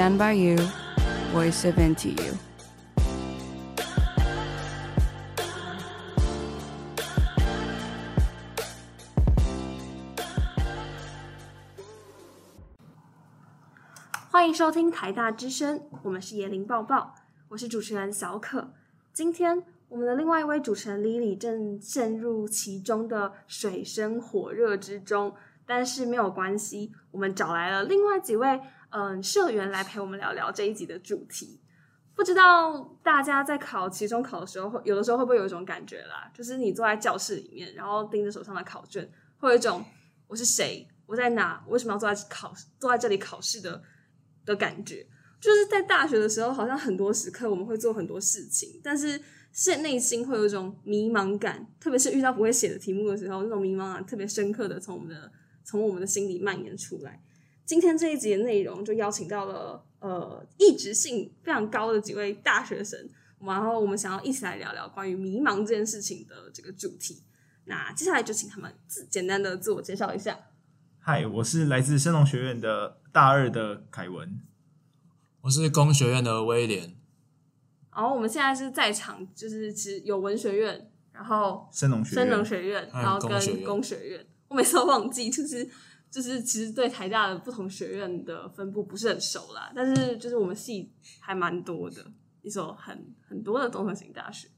Stand by you, voice of NTU. 歡迎收聽台大之聲，我們是椰林抱報，我是主持人小可。今天我們的另外一位主持人 Lily 正陷入其中的水深火熱之中，但是沒有關係，我們找來了另外幾位。嗯，社員來陪我們聊聊這一集的主題。不知道大家在考期中考的時候，有的時候會不會有一種感覺啦？就是你坐在教室裡面，然後盯着手上的考卷，會有一種我是誰，我在哪，我為什麼要坐在考坐在這裡考試的的感覺？就是在大學的時候，好像很多時刻我們會做很多事情，但是現內心會有一種迷茫感，特別是遇到不會寫的題目的時候，那種迷茫感特別深刻的從我們的從我們的心裡蔓延出來。今天這一集的內容就邀請到了呃，異質性非常高的幾位大學生，然後我們想要一起來聊聊關於迷茫這件事情的這個主題。那接下來就請他們自簡單的自我介紹一下。嗨，我是來自生農學院的大二的凱文。我是工學院的威廉。然後我們現在是在場，就是其實有文學院，然後生農、生農學院，嗯，然後跟工學院。我每次都忘記，就是。就是其實對台大的不同學院的分布不是很熟啦，但是就是我們系還蠻多的，一所很很多的綜合型大學。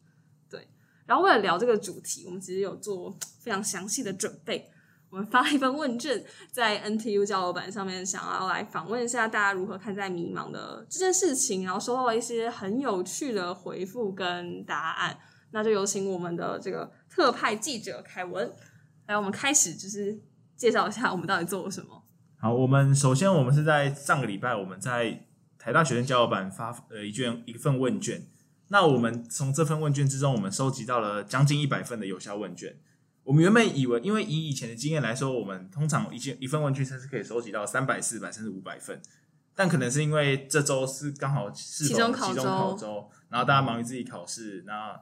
對，然後為了聊這個主題，我們其實有做非常詳細的準備，我們發了一份問卷在 NTU 交流板上面，想要來訪問一下大家如何看待迷茫的這件事情，然後收到了一些很有趣的回覆跟答案。那就有請我們的這個特派記者凱文來，我們開始就是。介紹一下我們到底做了什麼。好，我們首先我們是在上個禮拜我們在台大學生交友版發呃一卷一份問卷。那我們從這份問卷之中，我們收集到了將近一百份的有效問卷。我們原本以為，因為以以前的經驗來說，我們通常一卷一份問卷，才是可以收集到三百、四百甚至五百份。但可能是因為這週是剛好是期中考，期中考週，然後大家忙於自己考試，那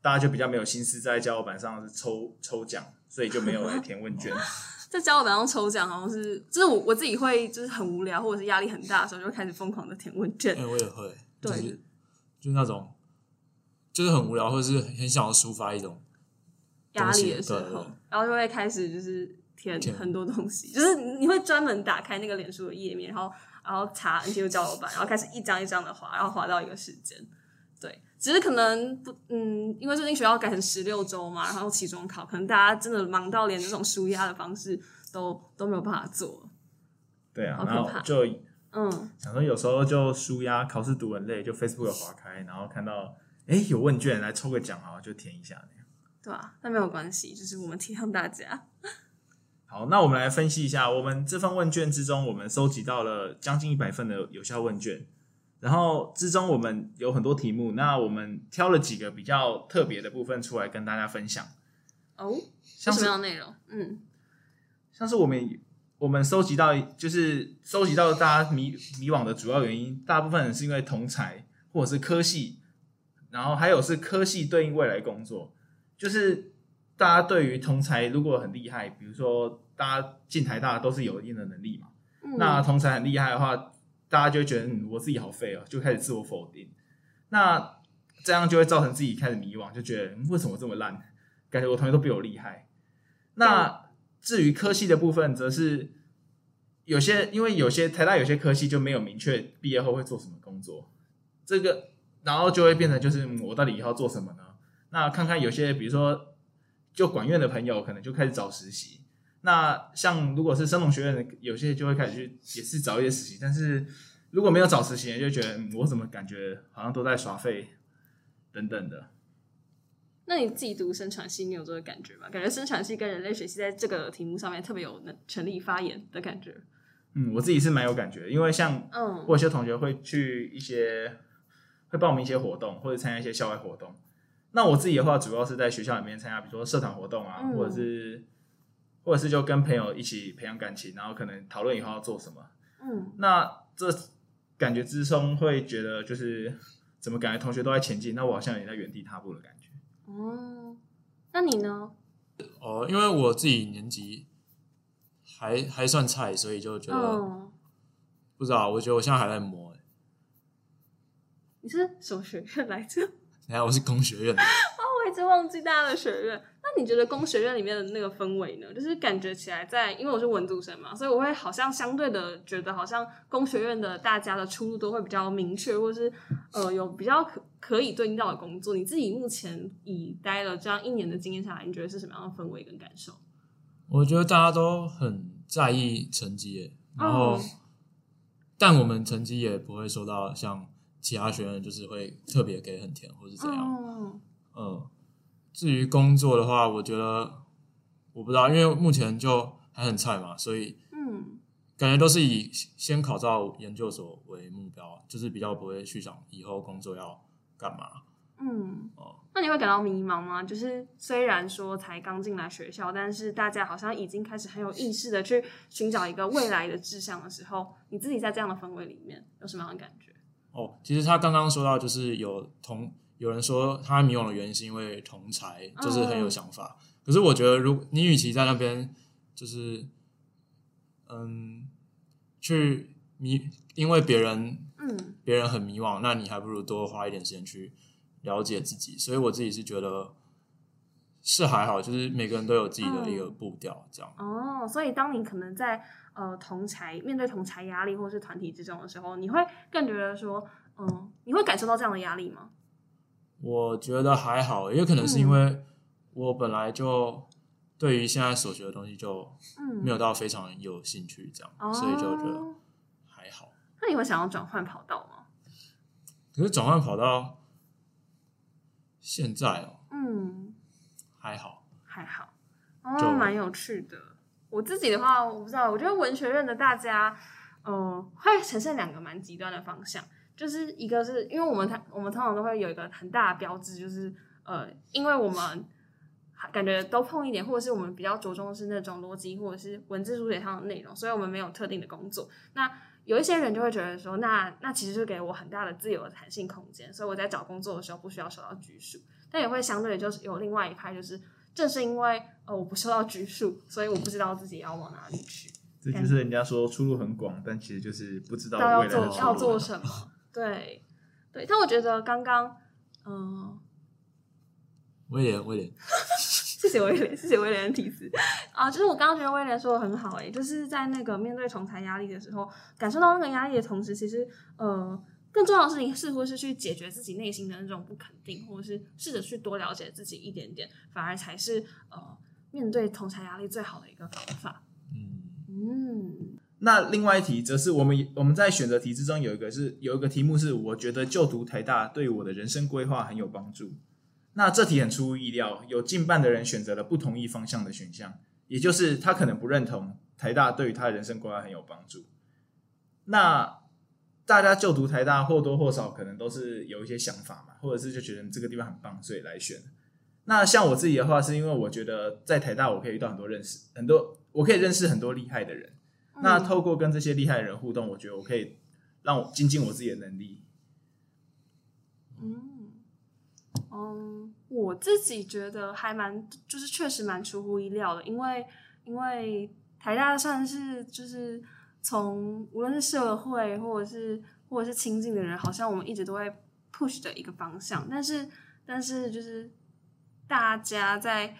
大家就比較沒有心思在交友板上抽抽獎，所以就沒有來填問卷。 在交流板上抽獎，好像是就是我我自己會就是很無聊或者是壓力很大的時候，就開始瘋狂的填問卷。哎、欸，我也會，對，就是、就是、那種就是很無聊或者是很想要抒發一種壓力的時候，對對對，然後就會開始就是填很多東西，就是你會專門打開那個臉書的頁面，然後然後查 NTU 交流板，然後開始一張一張的滑，然後滑到一個時間。只是可能不，嗯，因為最近學校改成十六周嘛，然後期中考，可能大家真的忙到連這種紓壓的方式都都沒有辦法做。對啊，然後就嗯，想說有時候就紓壓，嗯，考試讀很累，就 Facebook 有滑開，然後看到哎、欸、有問卷來抽個獎，好就填一下。對啊，那沒有關係，就是我們體諒大家。 好，那我們來分析一下，我們這份問卷之中，我們收集到了將近一百份的有效問卷。然後之中，我們有很多題目，那我們挑了幾個比較特別的部分出來跟大家分享。哦，像什麼樣內容？嗯，像是我們我們收集到，就是收集到大家迷迷惘的主要原因，大部分人是因為同儕或者是科系，然後還有是科系對應未來工作，就是大家對於同儕如果很厲害，比如說大家進台大都是有一定的能力嘛，嗯，那同儕很厲害的話。大家就會覺得、嗯、我自己好廢哦、喔，就開始自我否定。那這樣就會造成自己開始迷惘，就覺得、嗯、為什麼我這麼爛？感覺我同學都比我厲害。那至於科系的部分，則是有些因為有些台大有些科系就沒有明確畢業後會做什麼工作，這個然後就會變成就是我到底以後做什麼呢？那看看有些比如說就管院的朋友可能就開始找實習。那像如果是生農學院的，有些就會開始去也是找一些實習，但是。如果沒有找實習，就覺得、嗯、我怎麼感覺好像都在耍廢，等等的。那你自己讀生產系，你有這個感覺嗎？感覺生產系跟人類學系在這個題目上面特別有能權利發言的感覺。嗯，我自己是蠻有感覺，因為像嗯，我有些同學會去一些、嗯、會報名一些活動，或者參加一些校外活動。那我自己的話，主要是在學校裡面參加，比如說社團活動啊，嗯、或者是或者是就跟朋友一起培養感情，然後可能討論以後要做什麼。嗯，那這。感覺自從會覺得就是怎麼感覺同學都在前進，那我好像也在原地踏步的感覺。哦、嗯，那你呢？哦，因為我自己年級還還算菜，所以就覺得、嗯、不知道。我覺得我現在還在磨。你是什麼學院來着？哎呀，我是工學院。 哦，我一直忘記大家的學院。你覺得工學院裡面的那個氛圍呢？就是感覺起來在，因為我是文組生嘛，所以我會好像相對的覺得，好像工學院的大家的出路都會比較明確，或是呃有比較可可以對應到的工作。你自己目前已待了這樣一年的經驗下來，你覺得是什麼樣的氛圍跟感受？我覺得大家都很在意成績，然後、oh. 但我們成績也不會受到像其他學院就是會特別給很甜或是怎樣，oh. 嗯。至於工作的話，我覺得我不知道，因為目前就還很菜嘛，所以嗯，感覺都是以先考到研究所為目標，就是比較不會去想以後工作要幹嘛。嗯，哦，那你會感到迷茫嗎？就是雖然說才剛進來學校，但是大家好像已經開始很有意識的去尋找一個未來的志向的時候，你自己在這樣的氛圍裡面有什麼樣的感覺？哦，其實他剛剛說到，就是有同。有人說他迷惘的原因是因為同儕就是很有想法，嗯、可是我覺得如果，如你與其在那邊就是嗯，去迷，因為別人嗯，別人很迷惘，那你還不如多花一點時間去了解自己。所以我自己是覺得是還好，就是每個人都有自己的一個步調這樣、嗯。哦，所以當你可能在呃同儕、面對同儕壓力或是團體之中的時候，你會更覺得說，嗯、呃，你會感受到這樣的壓力嗎？我覺得還好，也可能是因為我本來就對於現在所學的東西就沒有到非常有興趣這樣，嗯、所以就覺得還好。哦、那你會想要轉換跑道嗎？可是轉換跑道，現在哦，嗯還好，還好就蠻、哦、有趣的。我自己的話，我不知道，我覺得文學院的大家，嗯、呃，會呈現兩個蠻極端的方向。就是一個是因為我們，他，我們通常都會有一個很大的標誌，就是呃，因為我們感覺都碰一點，或者是我們比較着重的是那種邏輯或者是文字書寫上的內容，所以我們沒有特定的工作。那有一些人就會覺得說，那那其實就給我很大的自由的彈性空間，所以我在找工作的時候不需要受到拘束。但也會相對就是有另外一派，就是正是因為呃我不受到拘束，所以我不知道自己要往哪裡去。這就是人家說出路很廣，但其實就是不知道要做要做什麼。 對，對，但我覺得剛剛，嗯、呃，威廉、威廉， 謝謝威廉，謝謝威廉的提示啊、呃，就是我剛剛覺得威廉說的很好，欸，誒就是在那個面對同儕壓力的時候，感受到那個壓力的同時，其實呃，更重要的事情似乎是去解決自己內心的那種不肯定，或者是試着去多了解自己一點點，反而才是呃，面對同儕壓力最好的一個方法。嗯。嗯那另外一題，則是我們我們在選擇題之中有一個是有一個題目是，我覺得就讀台大對於我的人生規劃很有幫助。那這題很出乎意料，有近半的人選擇了不同意方向的選項，也就是他可能不認同台大對於他人生規劃很有幫助。那大家就讀台大或多或少可能都是有一些想法嘛，或者是就覺得這個地方很棒，所以來選。那像我自己的話，是因為我覺得在台大我可以遇到很多認識很多，我可以認識很多厲害的人。那透過跟這些厲害的人互動，我覺得我可以讓我精進我自己的能力。嗯，嗯，我自己覺得還蠻，就是確實蠻出乎意料的，因為因為台大算是就是從無論是社會或者是或者是親近的人，好像我們一直都在 push 的一個方向，但是但是就是大家在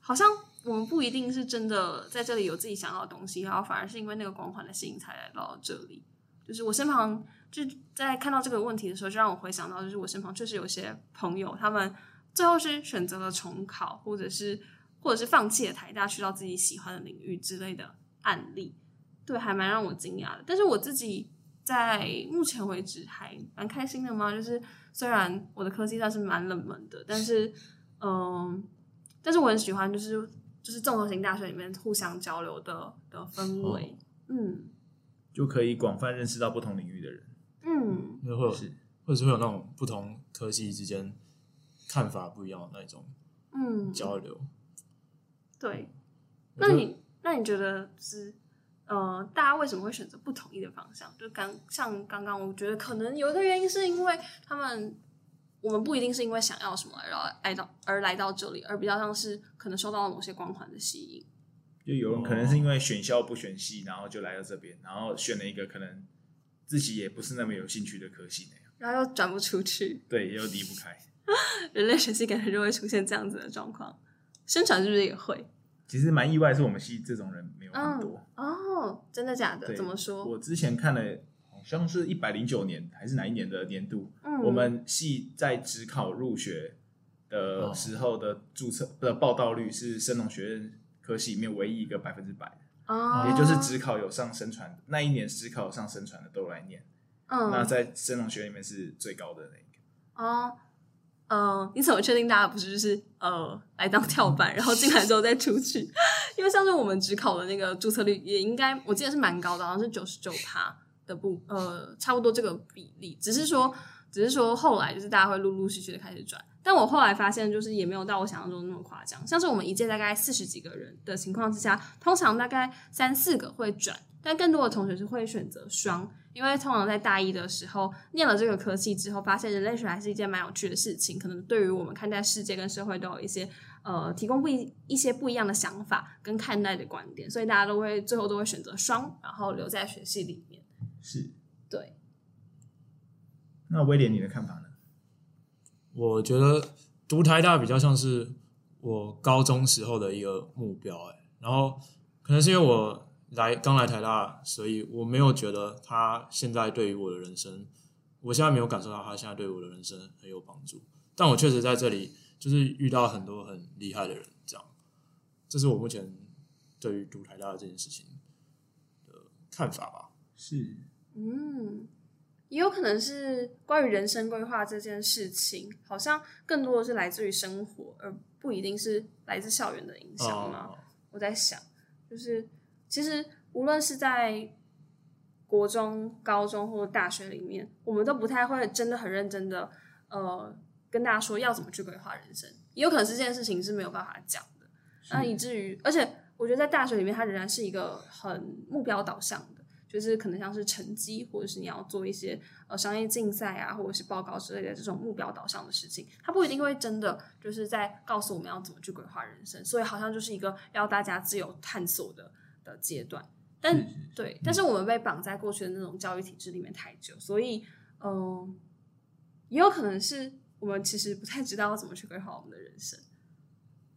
好像。我們不一定是真的在這裡有自己想要的東西，然後反而是因為那個光環的吸引才來到這裡。就是我身旁就在看到這個問題的時候，就讓我回想到，就是我身旁確實有些朋友，他們最後是選擇了重考，或者是或者是放棄了台大，去到自己喜歡的領域之類的案例，對，還蠻讓我驚訝的。但是我自己在目前為止還蠻開心的嘛，就是雖然我的科系算是蠻冷門的，但是嗯、呃，但是我很喜歡，就是。就是綜合型大學裡面互相交流的的氛圍，哦，嗯，就可以廣泛認識到不同領域的人，嗯，也會是或者是會有那種不同科系之間看法不一樣的那種，嗯，交、嗯、流。對，那你那你覺得是，呃，大家為什麼會選擇不同一的方向？就剛像剛剛，我覺得可能有一個原因是因為他們。我們不一定是因為想要什麼而來到而來到這裡，而比較像是可能受到了某些光環的吸引。就有人可能是因為選校不選系，哦，然後就來到這邊，然後選了一個可能自己也不是那麼有興趣的科系那樣，然後又轉不出去，對，又離不開。 人類學系可能就會出現這樣子的狀況，生傳是不是也會？其實蠻意外，是我們系這種人沒有很多。嗯、哦，真的假的？怎麼說？我之前看了。好像是一百零九年還是哪一年的年度？嗯、我們系在指考入學的時候的注冊的、哦、報到率是生農學院科系裡面唯一一個百分之百的哦，也就是指考有上生農那一年，指考有上生農的都來念，嗯，那在生農學院裡面是最高的那個哦，嗯、呃，你怎麼確定大家不是就是呃來當跳板、嗯，然後進來之後再出去？ 因為上次我們指考的那個注冊率也應該我記得是蠻高的，好像是九十九趴。的不呃、，差不多這個比例，只是說，只是說，後來就是大家會陸陸續續的開始轉，但我後來發現，就是也沒有到我想象中那麼誇張。像是我們一屆大概四十幾個人的情況之下，通常大概三四個會轉，但更多的同學是會選擇雙，因為通常在大一的時候念了這個科系之後，發現人類學還是一件蠻有趣的事情，可能對於我們看待世界跟社會都有一些呃，提供不一，一些不一樣的想法跟看待的觀點，所以大家都會最後都會選擇雙，然後留在學系裡。是對。那威廉，你的看法呢？我覺得讀台大比較像是我高中時候的一個目標，哎，然後可能是因為我來剛來台大，所以我沒有覺得他現在對於我的人生，我現在沒有感受到他現在對於我的人生很有幫助。但我確實在這裡就是遇到很多很厲害的人，這樣，這是我目前對於讀台大的這件事情的看法吧。是。嗯，也有可能是關於人生規劃這件事情，好像更多的是來自於生活，而不一定是來自校園的影響嘛。Oh. 我在想，就是其實無論是在國中、高中或者大學裡面，我們都不太會真的很認真的呃跟大家說要怎麼去規劃人生。也有可能是這件事情是沒有辦法講的，那以至於，而且我覺得在大學裡面，它仍然是一個很目標導向的。就是可能像是成績，或者是你要做一些呃商業競賽啊，或者是報告之類的這種目標導向的事情，它不一定會真的就是在告訴我們要怎麼去規劃人生。所以好像就是一個要大家自由探索的的階段。但、嗯、對、嗯，但是我們被綁在過去的那種教育體制裡面太久，所以嗯、呃，也有可能是我們其實不太知道要怎麼去規劃我們的人生。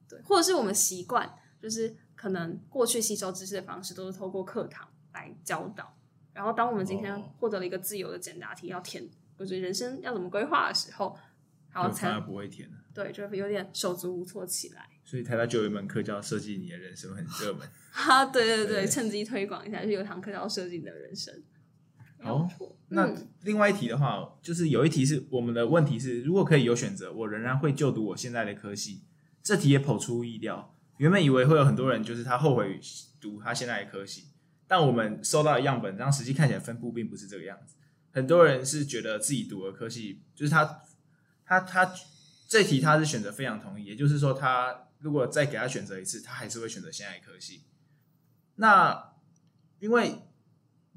對，或者是我們習慣，就是可能過去吸收知識的方式都是透過課堂來教導，然後當我們今天獲得了一個自由的簡答題，要填，就、哦、是人生要怎麼規劃的時候，然後才不會填，對，就有點手足無措起來。所以台大就有一門課叫設計你的人生，很熱門。哈，哈，對對對，對，趁機推廣一下，就有一堂課叫設計你的人生。好、哦、嗯，那另外一題的話，就是有一題是我們的問題是，如果可以有選擇，我仍然會就讀我現在的科系。這題也跑出意料，原本以為會有很多人就是他後悔讀他現在的科系。但我們收到的樣本，當實際看起來分佈並不是這個樣子。很多人是覺得自己讀了科系，就是他、他、他、他這題他是選擇非常同意，也就是說，他如果再給他選擇一次，他還是會選擇現在科系。那因為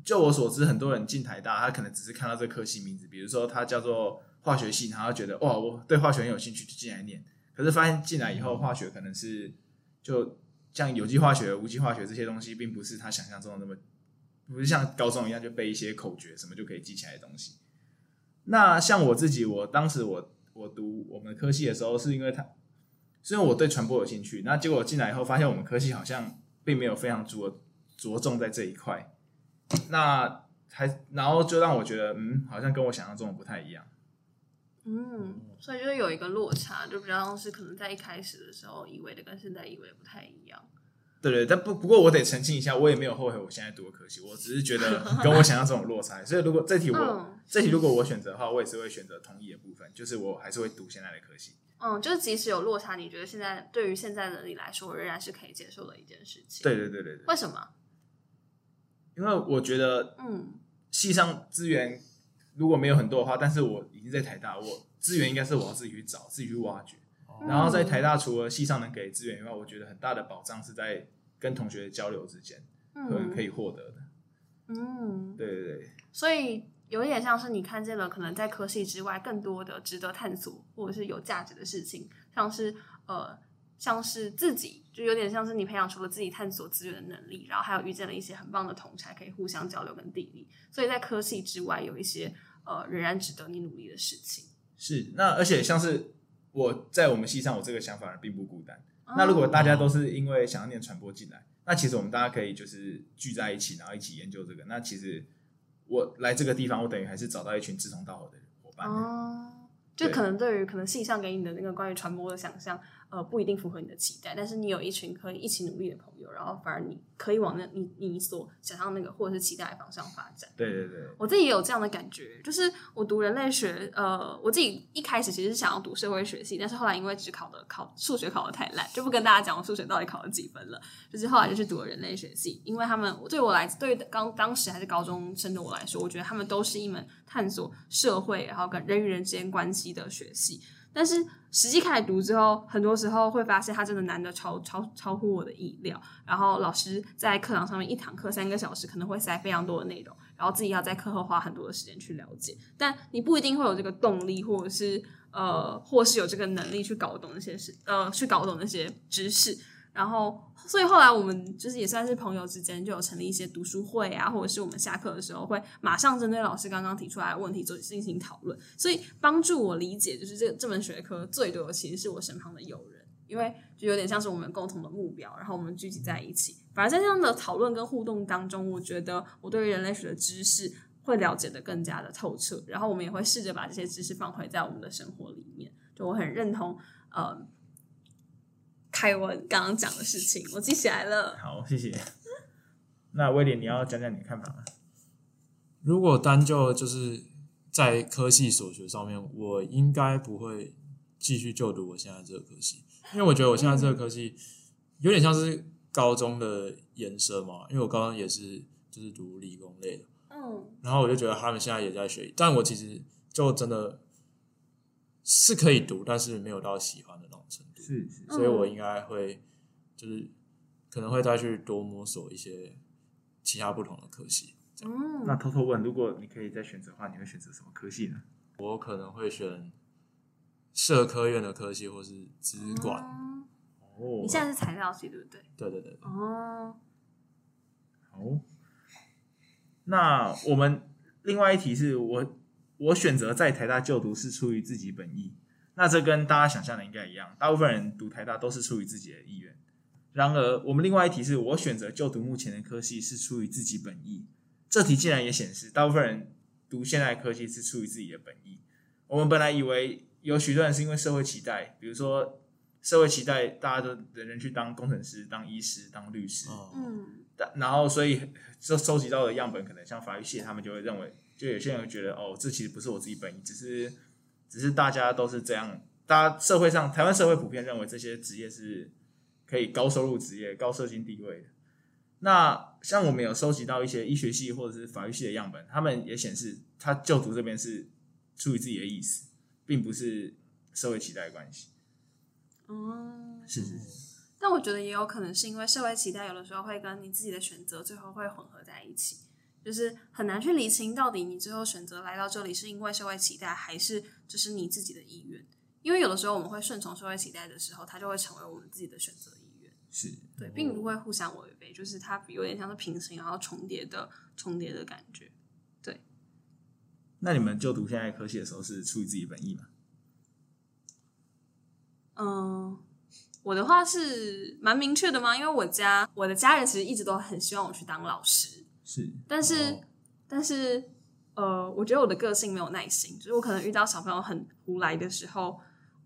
就我所知，很多人進台大，他可能只是看到這科系名字，比如說他叫做化學系，然後覺得哇，我對化學很有興趣，就進來念。可是發現進來以後，化學可能是就。像有機化學、無機化學這些東西，並不是他想象中的那麼，不是像高中一樣就背一些口訣什麼就可以記起來的東西。那像我自己，我當時我我讀我們的科系的時候，是因為他，是因為我對傳播有興趣。那結果進來以後，發現我們科系好像並沒有非常着着重在這一塊。那還然後就讓我覺得，嗯，好像跟我想象中的不太一樣。嗯，所以就是有一個落差，就比較是可能在一開始的時候以為的跟現在以為的不太一樣。對對，對，但不不過我得澄清一下，我也沒有後悔我現在讀的科系，我只是覺得跟我想象這種落差。 所以如果這題我、嗯、這題如果我選擇的話，我也是會選擇同意的部分，就是我還是會讀現在的科系。嗯，就是即使有落差，你覺得現在對於現在的你來說，我仍然是可以接受的一件事情。對對對對對，對。為什麼？因為我覺得，嗯，系上資源。如果沒有很多的話，但是我已經在台大，我資源應該是我要自己去找，自己去挖掘。嗯、然後在台大，除了系上能給資源以外，我覺得很大的保障是在跟同學交流之間、嗯，可可以獲得的。嗯，對對對。所以有一點像是你看見了可能在科系之外，更多的值得探索或者是有價值的事情，像是呃。像是自己就有點像是你培養出了自己探索資源的能力，然後還有遇見了一些很棒的同儕，可以互相交流跟砥礪。所以在科系之外，有一些呃仍然值得你努力的事情。是，那而且像是我在我們系上，我這個想法而並不孤單、哦。那如果大家都是因為想要念傳播進來、哦，那其實我們大家可以就是聚在一起，然後一起研究這個。那其實我來這個地方，我等於還是找到一群志同道合的夥伴。哦，就可能對於可能系上給你的那個關於傳播的想象呃，不一定符合你的期待，但是你有一群可以一起努力的朋友，然後反而你可以往那你你所想象那個或者是期待的方向發展。對對對，我自己也有這樣的感覺，就是我讀人類學，呃，我自己一開始其實是想要讀社會學系，但是後來因為只考的考數學考的太爛，就不跟大家講我數學到底考了幾分了。就是後來就是讀了人類學系，因為他們對我來對於剛當時還是高中生的我來說，我覺得他們都是一門探索社會然後跟人與人之間關係的學系。但是實際開始讀之後，很多時候會發現它真的難得超超超乎我的意料。然後老師在課堂上面一堂課三個小時，可能會塞非常多的內容，然後自己要在課後花很多的時間去了解。但你不一定會有這個動力，或者是呃，或是有這個能力去搞懂那些事，呃，去搞懂那些知識。然後，所以後來我們就是也算是朋友之間，就有成立一些讀書會啊，或者是我們下課的時候會馬上針對老師剛剛提出來的問題，就進行討論。所以幫助我理解，就是這這門學科最多的，其實是我身旁的友人，因為就有點像是我們共同的目標，然後我們聚集在一起。反而在這樣的討論跟互動當中，我覺得我對於人類學的知識會了解得更加的透徹。然後我們也會試着把這些知識放回在我們的生活裡面。就我很認同，呃。開我剛剛講的事情，我記起來了。好，謝謝。那威廉，你要講講你的看法嗎？如果單就就是在科系所學上面，我應該不會繼續就讀我現在這個科系，因為我覺得我現在這個科系有點像是高中的延伸嘛。因為我高中也是就是讀理工類的，嗯，然後我就覺得他們現在也在學，但我其實就真的。是可以讀，但是沒有到喜歡的那種程度，是、是，所以，我應該會，就是可能會再去多摸索一些其他不同的科系。哦、嗯，那偷偷問，如果你可以再選擇的話，你會選擇什麼科系呢？我可能會選社科院的科系，或是資管。哦、嗯，你現在是材料系，對不對？對對對、對。哦、嗯、哦，好。那我們另外一題是我。我選擇在台大就讀是出於自己本意，那這跟大家想象的應該一樣。大部分人讀台大都是出於自己的意願。然而，我們另外一題是我選擇就讀目前的科系是出於自己本意，這題竟然也顯示，大部分人讀現在的科系是出於自己的本意。我們本來以為有許多人是因為社會期待，比如說社會期待大家都人人去當工程師、當醫師、當律師，嗯、哦，但然後所以收集到的樣本可能像法律系，他們就會認為。就有些人會覺得哦，這其實不是我自己本意，只是只是大家都是這樣，大家社會上台灣社會普遍認為這些職業是可以高收入職業、高社經地位的。那像我們有收集到一些醫學系或者是法律系的樣本，他們也顯示他就讀這邊是出於自己的意思，並不是社會期待的關係。哦、嗯，是是是，但我覺得也有可能是因為社會期待有的時候會跟你自己的選擇最後會混合在一起。就是很難去理清到底你最後選擇來到這裡是因為社會期待，還是就是你自己的意願？因為有的時候我們會順從社會期待的時候，它就會成為我們自己的選擇意願。是對，對，並不會互相違背。就是它有點像是平行然後重疊的重疊的感覺。對。那你們就讀現在科系的時候是出於自己本意嗎？嗯，我的話是蠻明確的嘛，因為我家我的家人其實一直都很希望我去當老師。是，但是、哦，但是，呃，我覺得我的個性沒有耐心，就是我可能遇到小朋友很胡來的時候，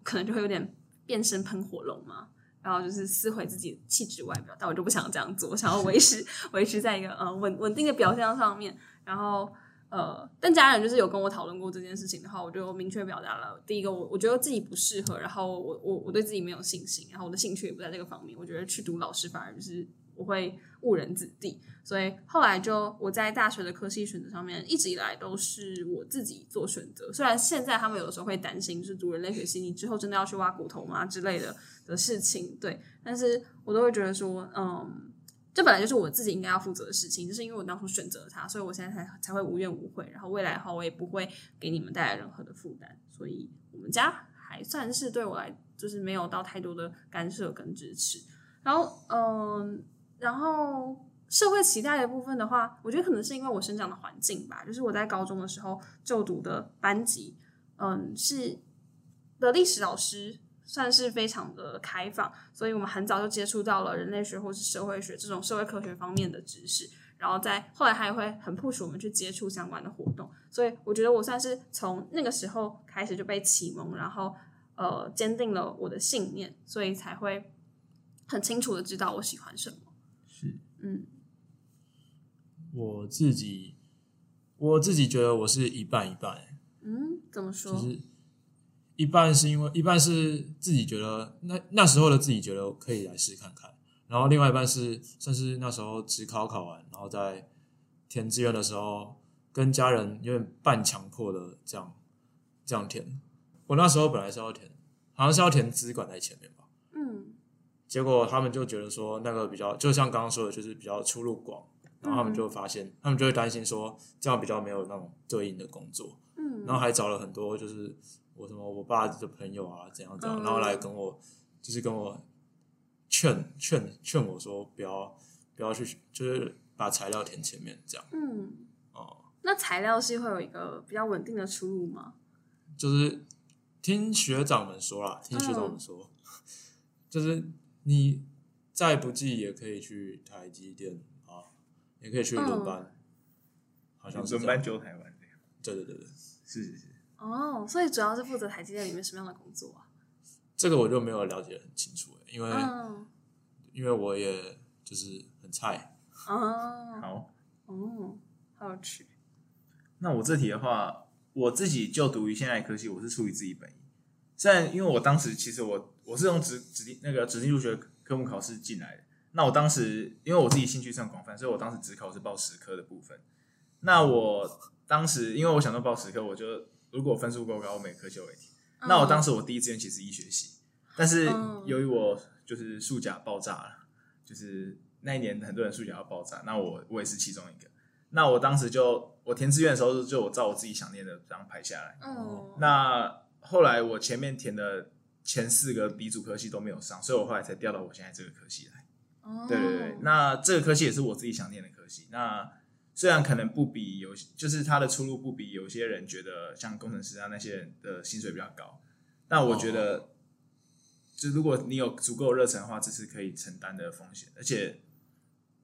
可能就會有點變身噴火龍嘛，然後就是撕毀自己的氣質外表，但我就不想這樣做，我想要維持維持在一個呃穩穩定的表現上面。然後，呃，但家人就是有跟我討論過這件事情的話，我就明確表達了，第一個，我我覺得自己不適合，然後我我我對自己沒有信心，然後我的興趣也不在這個方面，我覺得去讀老師反而就是我會。誤人子弟，所以後來就我在大學的科系選擇上面，一直以來都是我自己做選擇。雖然現在他們有的時候會擔心是讀人類學系，你之後真的要去挖骨頭嗎？之類的的事情，對，但是我都會覺得說，嗯，這本來就是我自己應該要負責的事情，就是因為我當初選擇了它，所以我現在才才會無怨無悔，然後未來的話，我也不會給你們帶來任何的負擔。所以我們家還算是對我來，就是沒有到太多的干涉跟支持。然後，嗯。然後社會期待的部分的話，我覺得可能是因為我生長的環境吧。就是我在高中的時候就讀的班級，嗯，是的歷史老師算是非常的開放，所以我們很早就接觸到了人類學或是社會學這種社會科學方面的知識。然後在後來，他也會很 push 我們去接觸相關的活動。所以我覺得我算是從那個時候開始就被啟蒙，然後呃，堅定了我的信念，所以才會很清楚的知道我喜歡什麼。嗯，我自己，我自己覺得我是一半一半、欸。嗯，怎麼說？就是、一半是因為一半是自己覺得那那時候的自己覺得可以來試看看，然後另外一半是算是那時候指考考完，然後在填志願的時候跟家人有點半強迫的這樣這樣填。我那時候本來是要填，好像是要填資管在前面。結果他們就覺得說那個比較，就像剛剛說的，就是比較出路廣，然後他們就發現，嗯、他們就會擔心說這樣比較沒有那種對應的工作，嗯，然後還找了很多就是我什麼我爸的朋友啊、怎樣怎樣、嗯，然後來跟我就是跟我勸勸勸我說不要不要去，就是把材料填前面這樣，嗯，哦、嗯，那材料是會有一個比較穩定的出路嗎？就是聽學長們說啦，聽學長們說，嗯、 就是。你再不濟也可以去台積電啊，也可以去輪班，嗯，好像是。班救台灣的。對對對對，是是是。哦、oh,，所以主要是負責台積電裡面什麼樣的工作啊？這個我就沒有了解很清楚，因為、嗯，因為我也就是很菜哦、啊。好，哦、嗯，好奇，那我這題的話，我自己就讀於現代科技，我是出於自己本。在因為我當時其實，我我是用指指定那個指定入學科目考試進來的。那我當時因為我自己興趣是很廣泛，所以我當時只考是報十科的部分。那我當時因為我想說報十科，我就如果分數夠高，我每科就會填。那我當時我第一志願其實醫學系，但是由於我就是數甲爆炸了，就是那一年很多人數甲要爆炸，那我我也是其中一個。那我當時就我填志願的時候，就我照我自己想唸的這樣排下來。哦，那。後來我前面填的前四個鼻祖科系都沒有上，所以我後來才調到我現在這個科系來。哦，對對對，那這個科系也是我自己想念的科系。那雖然可能不比有，就是它的出路不比有些人覺得像工程師啊那些人的薪水比較高，Oh. 但我覺得，就如果你有足夠熱忱的話，這是可以承擔的風險。而且，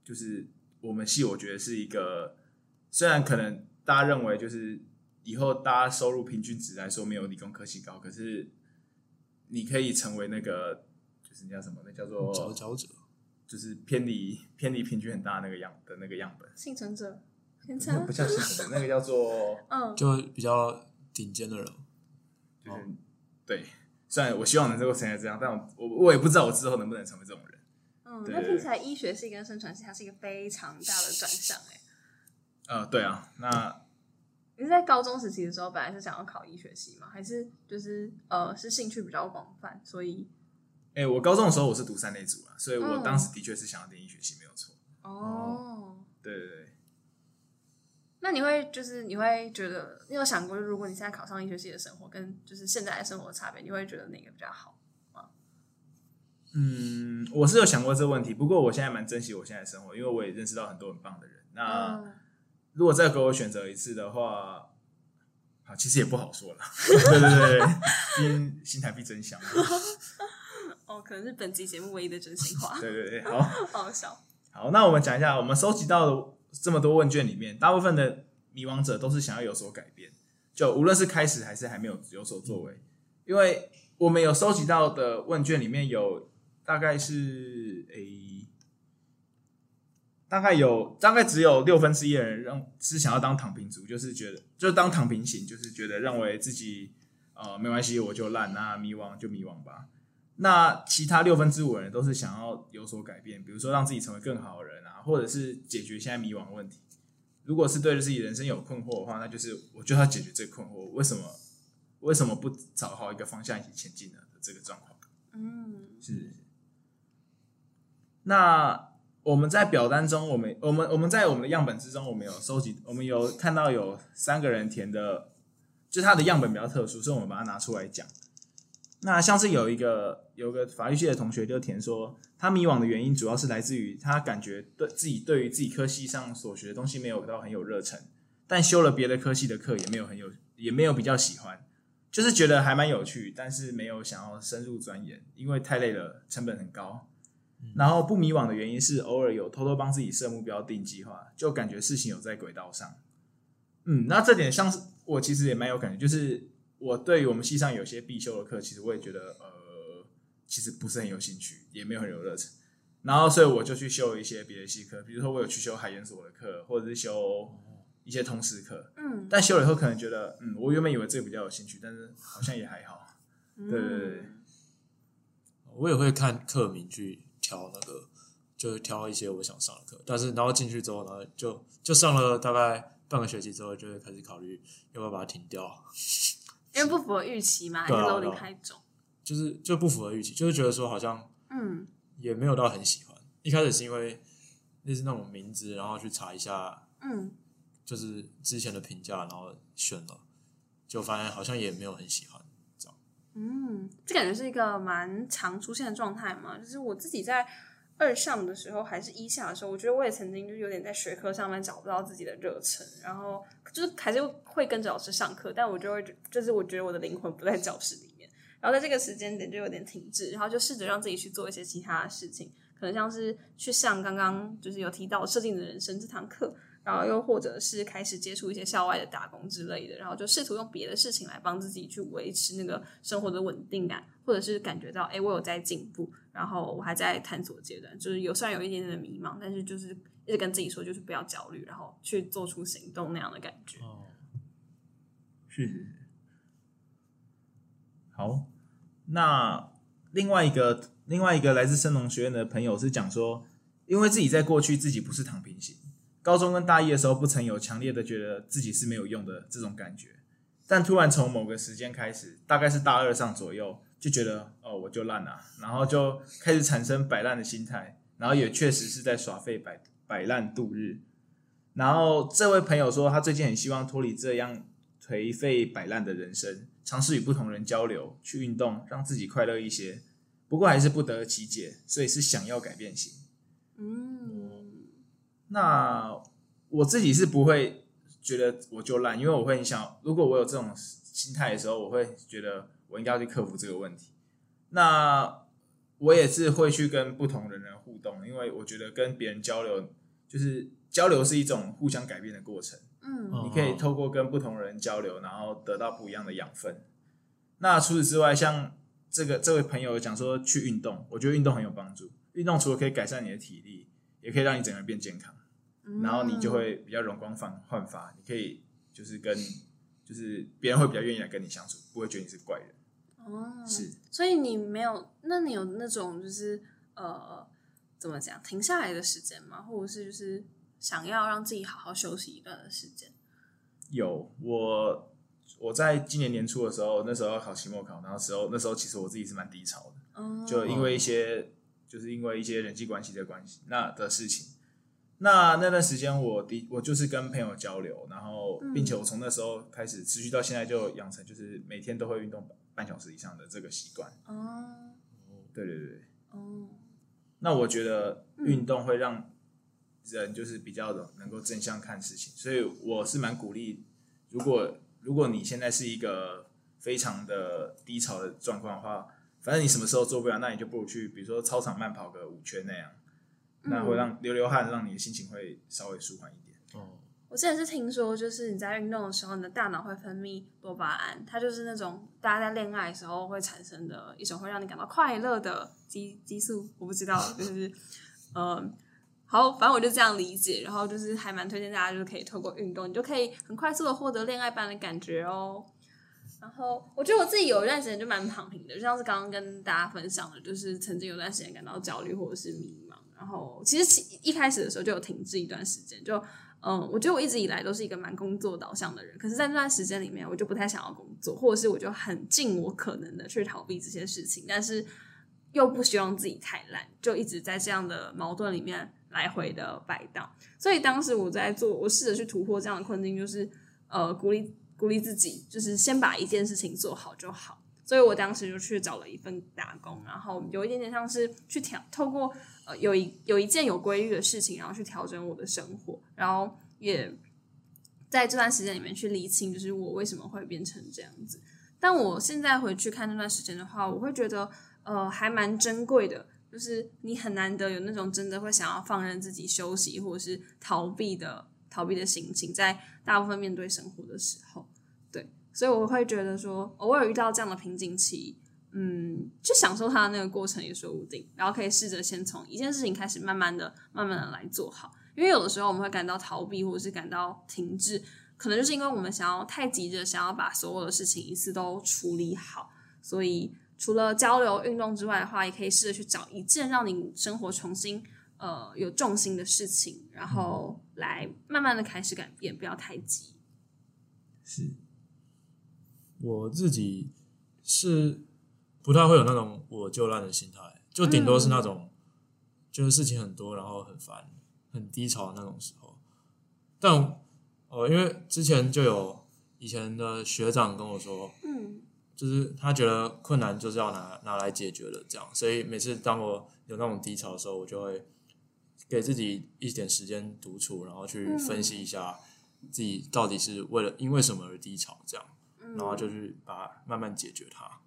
就是我們系我覺得是一個，雖然可能大家認為就是。以後大家收入平均值來說沒有理工科系高，可是你可以成為那個就是你叫什麼？那叫做佼佼者，就是偏離偏離平均很大那個樣的那個樣本。倖存者，不叫倖存者，那，叫 那個叫做嗯，就比較頂尖的人。就是對，雖然我希望能夠成為這樣，但我我我也不知道我之後能不能成為這種人。對嗯，那聽起來醫學系跟生存系它是一個非常大的轉向、欸、呃，對啊，那。嗯你是在高中時期的時候，本來是想要考醫學系嗎？還是就是呃，是興趣比較廣泛？所以，哎、欸，我高中的時候我是讀三類組啊。所以我當時的確是想要念醫學系，沒有錯、哦。哦，對對對。那你會就是你會覺得，你有想過，如果你現在考上醫學系的生活，跟就是現在的生活的差別，你會覺得哪個比較好嗎？嗯，我是有想過這個問題，不過我現在蠻珍惜我現在的生活，因為我也認識到很多很棒的人。那。嗯如果再給我選擇一次的話，啊，其實也不好說了，對對對，新台幣真香。哦，可能是本集節目唯一的真心話。 對對對，好，好笑。好，那我們講一下，我們收集到的這麼多問卷裡面，大部分的迷惘者都是想要有所改變，就無論是開始還是還沒有有所作為，因為我們有收集到的問卷裡面有大概是誒，欸大概有大概只有六分之一的人讓是想要當躺平族，就是覺得就當躺平型，就是覺得認為自己呃沒關係，我就爛啊，迷惘就迷惘吧。那其他六分之五的人都是想要有所改變，比如說讓自己成為更好的人啊，或者是解決現在迷惘的問題。如果是對自己人生有困惑的話，那就是我就要解決這個困惑，為什麼為什麼不找好一個方向一起前進呢？這個狀況，嗯，是是是，那。我們在表單中我們，我們我們我們在我們的樣本之中，我們有收集，我們有看到有三個人填的，就他的樣本比較特殊，所以我們把它拿出來講。那像是有一個有一個法律系的同學就填說，他迷惘的原因主要是來自於他感覺對自己對於自己科系上所學的東西沒有到很有熱忱，但修了別的科系的課也沒有很有也沒有比較喜歡，就是覺得還蠻有趣，但是沒有想要深入鑽研，因為太累了，成本很高。然後不迷惘的原因是，偶爾有偷偷幫自己設目標、定計劃，就感覺事情有在軌道上。嗯，那這點像是我其實也蠻有感覺，就是我對於我們系上有些必修的課，其實我也覺得呃，其實不是很有興趣，也沒有很有熱忱。然後所以我就去修一些別的系課，比如說我有去修海研所的課，或者是修一些通識課。嗯，但修了以後可能覺得，嗯，我原本以為這個比較有興趣，但是好像也還好。對，嗯，我也會看課名去。挑那個，就挑一些我想上的課，但是然後進去之後呢，就就上了大概半個學期之後，就開始考慮要不要把它停掉，因為不符合預期嘛，還是壓力太重，就是就不符合預期，就是覺得說好像，嗯，也沒有到很喜歡。嗯，一開始是因為類似那種名字，然後去查一下，嗯，就是之前的評價，然後選了，就發現好像也沒有很喜歡。嗯，這感覺是一個蠻常出現的狀態嘛。就是我自己在二上的時候，還是一下的時候，我覺得我也曾經就有點在學科上面找不到自己的熱忱，然後就是還是會跟着老師上課，但我就會就是我覺得我的靈魂不在教室裡面，然後在這個時間點就有點停滯，然後就試着讓自己去做一些其他的事情，可能像是去上剛剛就是有提到設計的人生這堂課。然後又或者是開始接觸一些校外的打工之類的，然後就試圖用別的事情來幫自己去維持那個生活的穩定感，或者是感覺到哎，我有在進步，然後我還在探索階段，就是有雖然有一點點的迷茫，但是就是一直跟自己說就是不要焦慮，然後去做出行動那樣的感覺。哦，是是是、嗯。好，那另外一個另外一個來自生農學院的朋友是講說，因為自己在過去自己不是躺平型。高中跟大一的時候不曾有強烈的覺得自己是沒有用的這種感覺，但突然從某個時間開始，大概是大二上左右，就覺得哦，我就爛了啊，然後就開始產生擺爛的心態，然後也確實是在耍廢擺擺爛度日。然後這位朋友說，他最近很希望脫離這樣頹廢擺爛的人生，嘗試與不同人交流，去運動，讓自己快樂一些。不過還是不得其解，所以是想要改變型。嗯。那我自己是不會覺得我就爛，因為我會想，如果我有這種心態的時候，我會覺得我應該要去克服這個問題。那我也是會去跟不同的人互動，因為我覺得跟別人交流，就是交流是一種互相改變的過程。嗯，你可以透過跟不同的人交流，然後得到不一樣的養分。那除此之外，像這個這位、個、朋友講說去運動，我覺得運動很有幫助。運動除了可以改善你的體力，也可以讓你整個人變健康。嗯，然後你就會比較容光煥煥發，你可以就是跟就是別人會比較願意來跟你相處，不會覺得你是怪人。哦，是，所以你沒有？那你有那種就是呃，怎麼講？停下來的時間嗎？或者是就是想要讓自己好好休息一段的時間？有，我我在今年年初的時候，那時候要考期末考，然後時候那時候其實我自己是蠻低潮的，哦，就因為一些，哦，就是因為一些人際關係的關係那的事情。那那段時間我的我就是跟朋友交流，然後並且我從那時候開始持續到現在就養成就是每天都會運動半小時以上的這個習慣。哦，對對對，哦，那我覺得運動會讓人就是比較的能夠正向看事情，所以我是蠻鼓勵。如果如果你現在是一個非常的低潮的狀況的話，反正你什麼時候做不了，那你就不如去比如說操場慢跑個五圈那樣。那會讓流流汗，讓你的心情會稍微舒緩一點。嗯。我之前是聽說，就是你在運動的時候，你的大腦會分泌多巴胺，它就是那種大家在戀愛的時候會產生的一種會讓你感到快樂的激激素。我不知道，就是 嗯，好，反正我就這樣理解。然後就是還蠻推薦大家，就是可以透過運動，你就可以很快速的獲得戀愛般的感覺哦。然後我覺得我自己有一段時間就蠻躺平的，就像是剛剛跟大家分享的，就是曾經有段時間感到焦慮或者是迷。然後其實一開始的時候就有停滯一段時間，就嗯，我覺得我一直以來都是一個蠻工作導向的人，可是，在那段時間裡面，我就不太想要工作，或者是我就很盡我可能的去逃避這些事情，但是又不希望自己太懶，就一直在這樣的矛盾裡面來回的擺盪。所以當時我在做，我試着去突破這樣的困境，就是呃，鼓勵鼓勵自己，就是先把一件事情做好就好。所以我當時就去找了一份打工，然後有一點點像是去挑，透過。呃，有一有一件有規律的事情，然後去調整我的生活，然後也在這段時間裡面去理清，就是我為什麼會變成這樣子。但我現在回去看那段時間的話，我會覺得呃還蠻珍貴的，就是你很難得有那種真的會想要放任自己休息或者是逃避的逃避的心情，在大部分面對生活的時候，對，所以我會覺得說，偶爾遇到這樣的瓶頸期。嗯，去享受它的那個過程也說不定。然後可以試着先從一件事情開始，慢慢的、慢慢的來做好。因為有的時候我們會感到逃避，或者是感到停滯，可能就是因為我們想要太急着，想要把所有的事情一次都處理好。所以，除了交流、運動之外的話，也可以試着去找一件讓你生活重新呃有重心的事情，然後來慢慢的開始改變，不要太急。是，我自己是，不太會有那種我就爛的心態，就頂多是那種、嗯，就是事情很多，然後很煩、很低潮的那種時候。但，哦，因為之前就有以前的學長跟我說，嗯，就是他覺得困難就是要拿拿來解決的，這樣。所以每次當我有那種低潮的時候，我就會給自己一點時間獨處，然後去分析一下自己到底是為了因為什麼而低潮，這樣，然後就去把慢慢解決它。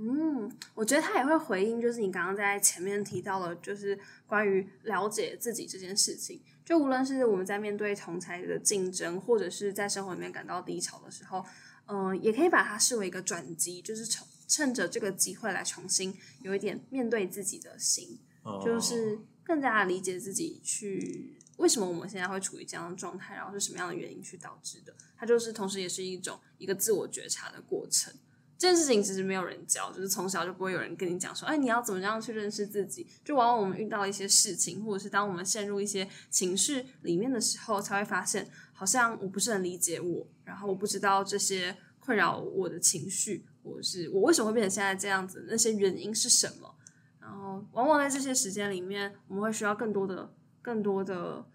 嗯，我覺得他也會回應，就是你剛剛在前面提到的，就是關於了解自己這件事情。就無論是我們在面對同儕的競爭，或者是在生活裡面感到低潮的時候，嗯、呃，也可以把它視為一個轉機，就是趁趁着這個機會來重新有一點面對自己的心，就是更加理解自己，去為什麼我們現在會處於這樣的狀態，然後是什麼樣的原因去導致的。它就是同時也是一種一個自我覺察的過程。這件事情其實沒有人教，就是從小就不會有人跟你講說，哎，你要怎麼樣去認識自己？就往往我們遇到一些事情，或者是當我們陷入一些情緒裡面的時候，才會發現，好像我不是很理解我，然後我不知道這些困擾我的情緒，或者是我為什麼會變成現在這樣子，那些原因是什麼？然後往往在這些時間裡面，我們會需要更多的、更多的、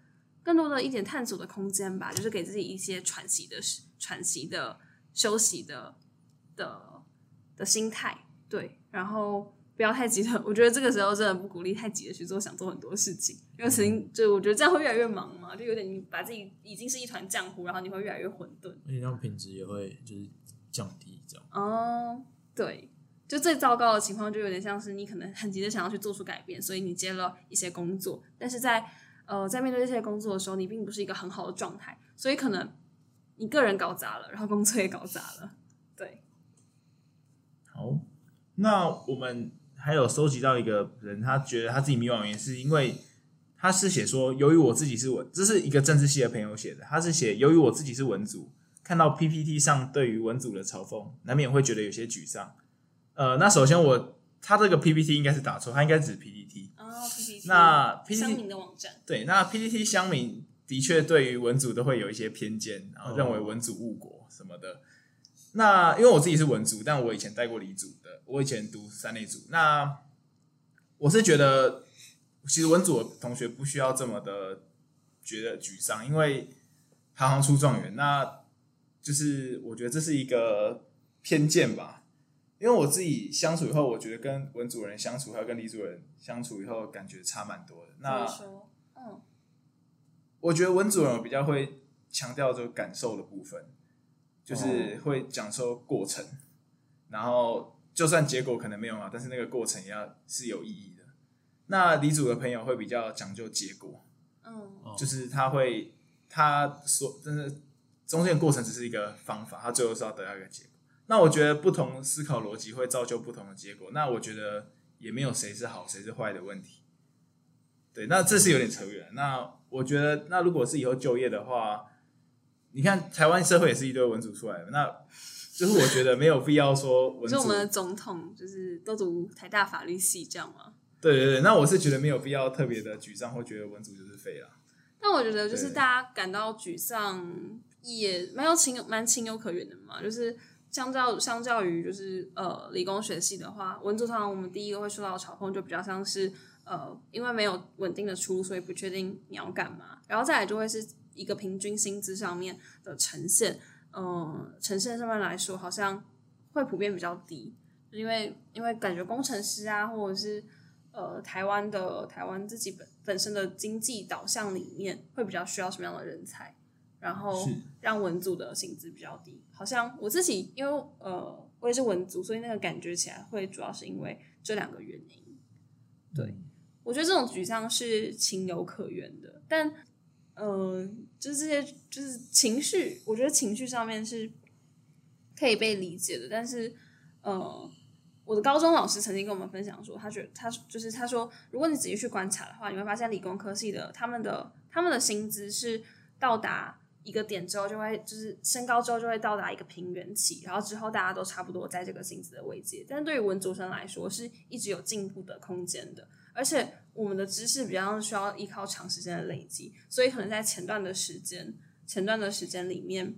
更多的一點探索的空間吧，就是給自己一些喘息的、喘息的、休息的的。的心態，對，然後不要太急著。我覺得這個時候真的不鼓勵太急著去做，想做很多事情，嗯、因為曾經就我覺得這樣會越來越忙嘛，就有點你把自己已經是一團漿糊，然後你會越來越混沌，而且那種品質也會就是降低。這樣哦，oh, 對，就最糟糕的情況就有點像是你可能很急著想要去做出改變，所以你接了一些工作，但是在呃在面對這些工作的時候，你並不是一個很好的狀態，所以可能你個人搞砸了，然後工作也搞砸了。那我們還有收集到一個人，他覺得他自己迷惘，原因是因為他是寫說，由於我自己是文，這是一個政治系的朋友寫的，他是寫由於我自己是文組，看到 PPT 上對於文組的嘲諷，難免會覺得有些沮喪。呃，那首先我他這個 PPT 應該是打錯，他應該是指 PPT 哦，PPT，那鄉民的網站對，那 PPT 鄉民的確對於文組都會有一些偏見，然後認為文組誤國什麼的。那因為我自己是文組，但我以前帶過理組的，我以前讀三類組。那我是覺得，其實文組的同學不需要這麼的覺得沮喪，因為行行出狀元。那就是我覺得這是一個偏見吧，因為我自己相處以後，我覺得跟文組人相處還有跟理組人相處以後，感覺差蠻多的。那嗯，我覺得文組人比較會強調這個感受的部分。就是會講說過程，oh. 然後就算結果可能沒有嘛，但是那個過程也要是有意義的。那理組，的朋友會比較講究結果，嗯、oh.，就是他會他說，但是中間過程只是一個方法，他最後是要得到一個結果。那我覺得不同思考邏輯會造就不同的結果。那我覺得也沒有誰是好誰是壞的問題。對，那這是有點扯遠。那我覺得，那如果是以後就業的話。你看台灣社會也是一堆文組出來的，那就是我覺得沒有必要說文組。 就我們的總統就是都讀台大法律系這樣嗎？對對對，那我是覺得沒有必要特別的沮喪，或覺得文組就是廢了。那我覺得就是大家感到沮喪也蠻有情蠻情有可原的嘛。就是相較相較於就是呃理工學系的話，文組上我們第一個會受到的嘲諷，就比較像是呃因為沒有穩定的出路，所以不確定你要幹嘛，然後再來就會是。一個平均薪資上面的呈現，嗯、呃，呈現上面來說，好像會普遍比較低，因為因為感覺工程師啊，或者是呃，台灣的台灣自己本本身的經濟導向裡面，會比較需要什麼樣的人才，然後讓文組的薪資比較低。好像我自己因為呃，我也是文組，所以那個感覺起來會主要是因為這兩個原因。對，對我覺得這種沮喪是情有可原的，但。嗯、呃，就是這些，就是情緒，我覺得情緒上面是可以被理解的。但是，呃，我的高中老師曾經跟我們分享說，他覺得他就是他說，如果你仔細去觀察的話，你會發現理工科系的他們的他們的薪資是到達一個點之後就會就是升高之後就會到達一個平原期，然後之後大家都差不多在這個薪資的位階。但是對於文組生來說，是一直有進步的空間的。而且我們的知識比較需要依靠長時間的累積，所以可能在前段的時間，前段的時間裡面，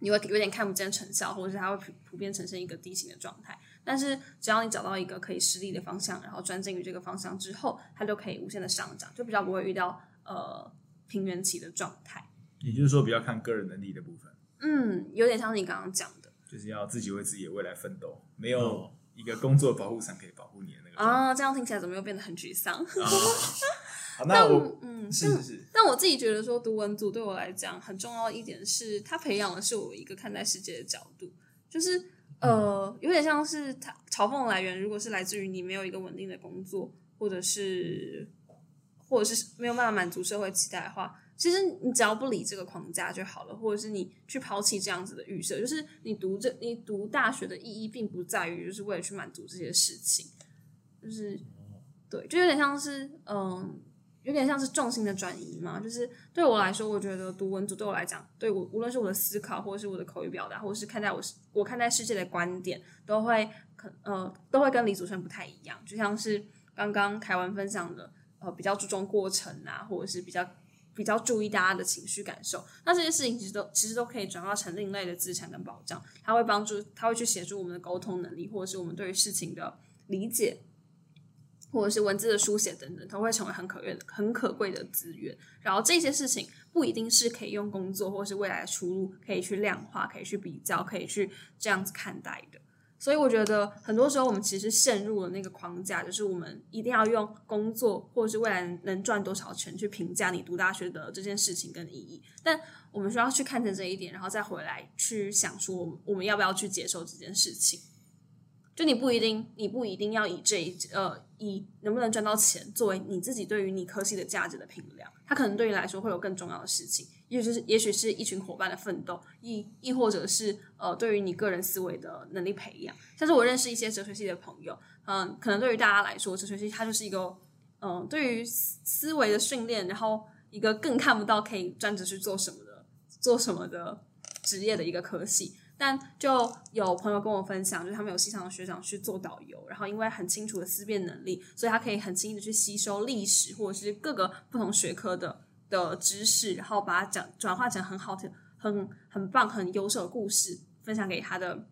你會有點看不見成效，或者是它會普普遍呈現一個低型的狀態。但是只要你找到一個可以實力的方向，然後專精於這個方向之後，它就可以無限的上漲，就比較不會遇到呃平原期的狀態。也就是說，比較看個人能力的部分。嗯，有點像你剛剛講的，就是要自己為自己的未來奮鬥，沒有一個工作保護傘可以保護你。啊，這樣聽起來怎麼又變得很沮喪、啊？ 那我嗯，是是，是，但我自己覺得說，讀文組對我來講很重要的一點是，它培養的是我一個看待世界的角度，就是呃，有點像是它嘲諷來源。如果是來自於你沒有一個穩定的工作，或者是，或者是沒有辦法滿足社會期待的話，其實你只要不理這個框架就好了，或者是你去拋棄這樣子的預設，就是你讀這，你讀大學的意義，並不在於就是為了去滿足這些事情。就是，對，就有點像是，嗯、呃，有點像是重心的轉移嘛。就是對我來說，我覺得讀文組對我來講，對我無論是我的思考，或者是我的口語表達，或者是看待我我看待世界的觀點，都會可呃，都會跟理組生不太一樣。就像是剛剛台灣分享的，呃，比較注重過程啊，或者是比較比較注意大家的情緒感受。那這些事情其實都其實都可以轉化成另類的資產跟保障。它會幫助，它會去協助我們的溝通能力，或者是我們對於事情的理解。或者是文字的書寫等等，都會成為很可貴的、很可貴的資源。然後這些事情不一定是可以用工作或是未來的出路可以去量化、可以去比較、可以去這樣子看待的。所以我覺得很多時候我們其實陷入了那個框架，就是我們一定要用工作或者是未來能賺多少錢去評價你讀大學的這件事情跟意義。但我們需要去看着這一點，然後再回來去想說我們要不要去接受這件事情。就你不一定，你不一定要以這一呃以能不能賺到錢作為你自己對於你科系的價值的評量，它可能對於你來說會有更重要的事情，也就是也許是一群夥伴的奮鬥，亦亦或者是呃對於你個人思維的能力培養。像是我認識一些哲學系的朋友，嗯、呃，可能對於大家來說，哲學系它就是一個嗯、呃、對於思維的訓練，然後一個更看不到可以專職去做什麼的做什麼的職業的一個科系。但就有朋友跟我分享，就是他們有系上的學長去做導遊，然後因為很清楚的思辨能力，所以他可以很輕易的去吸收歷史或者是各個不同學科的的知識，然後把它講轉化成很好聽、很很棒、很優秀的故事，分享給他的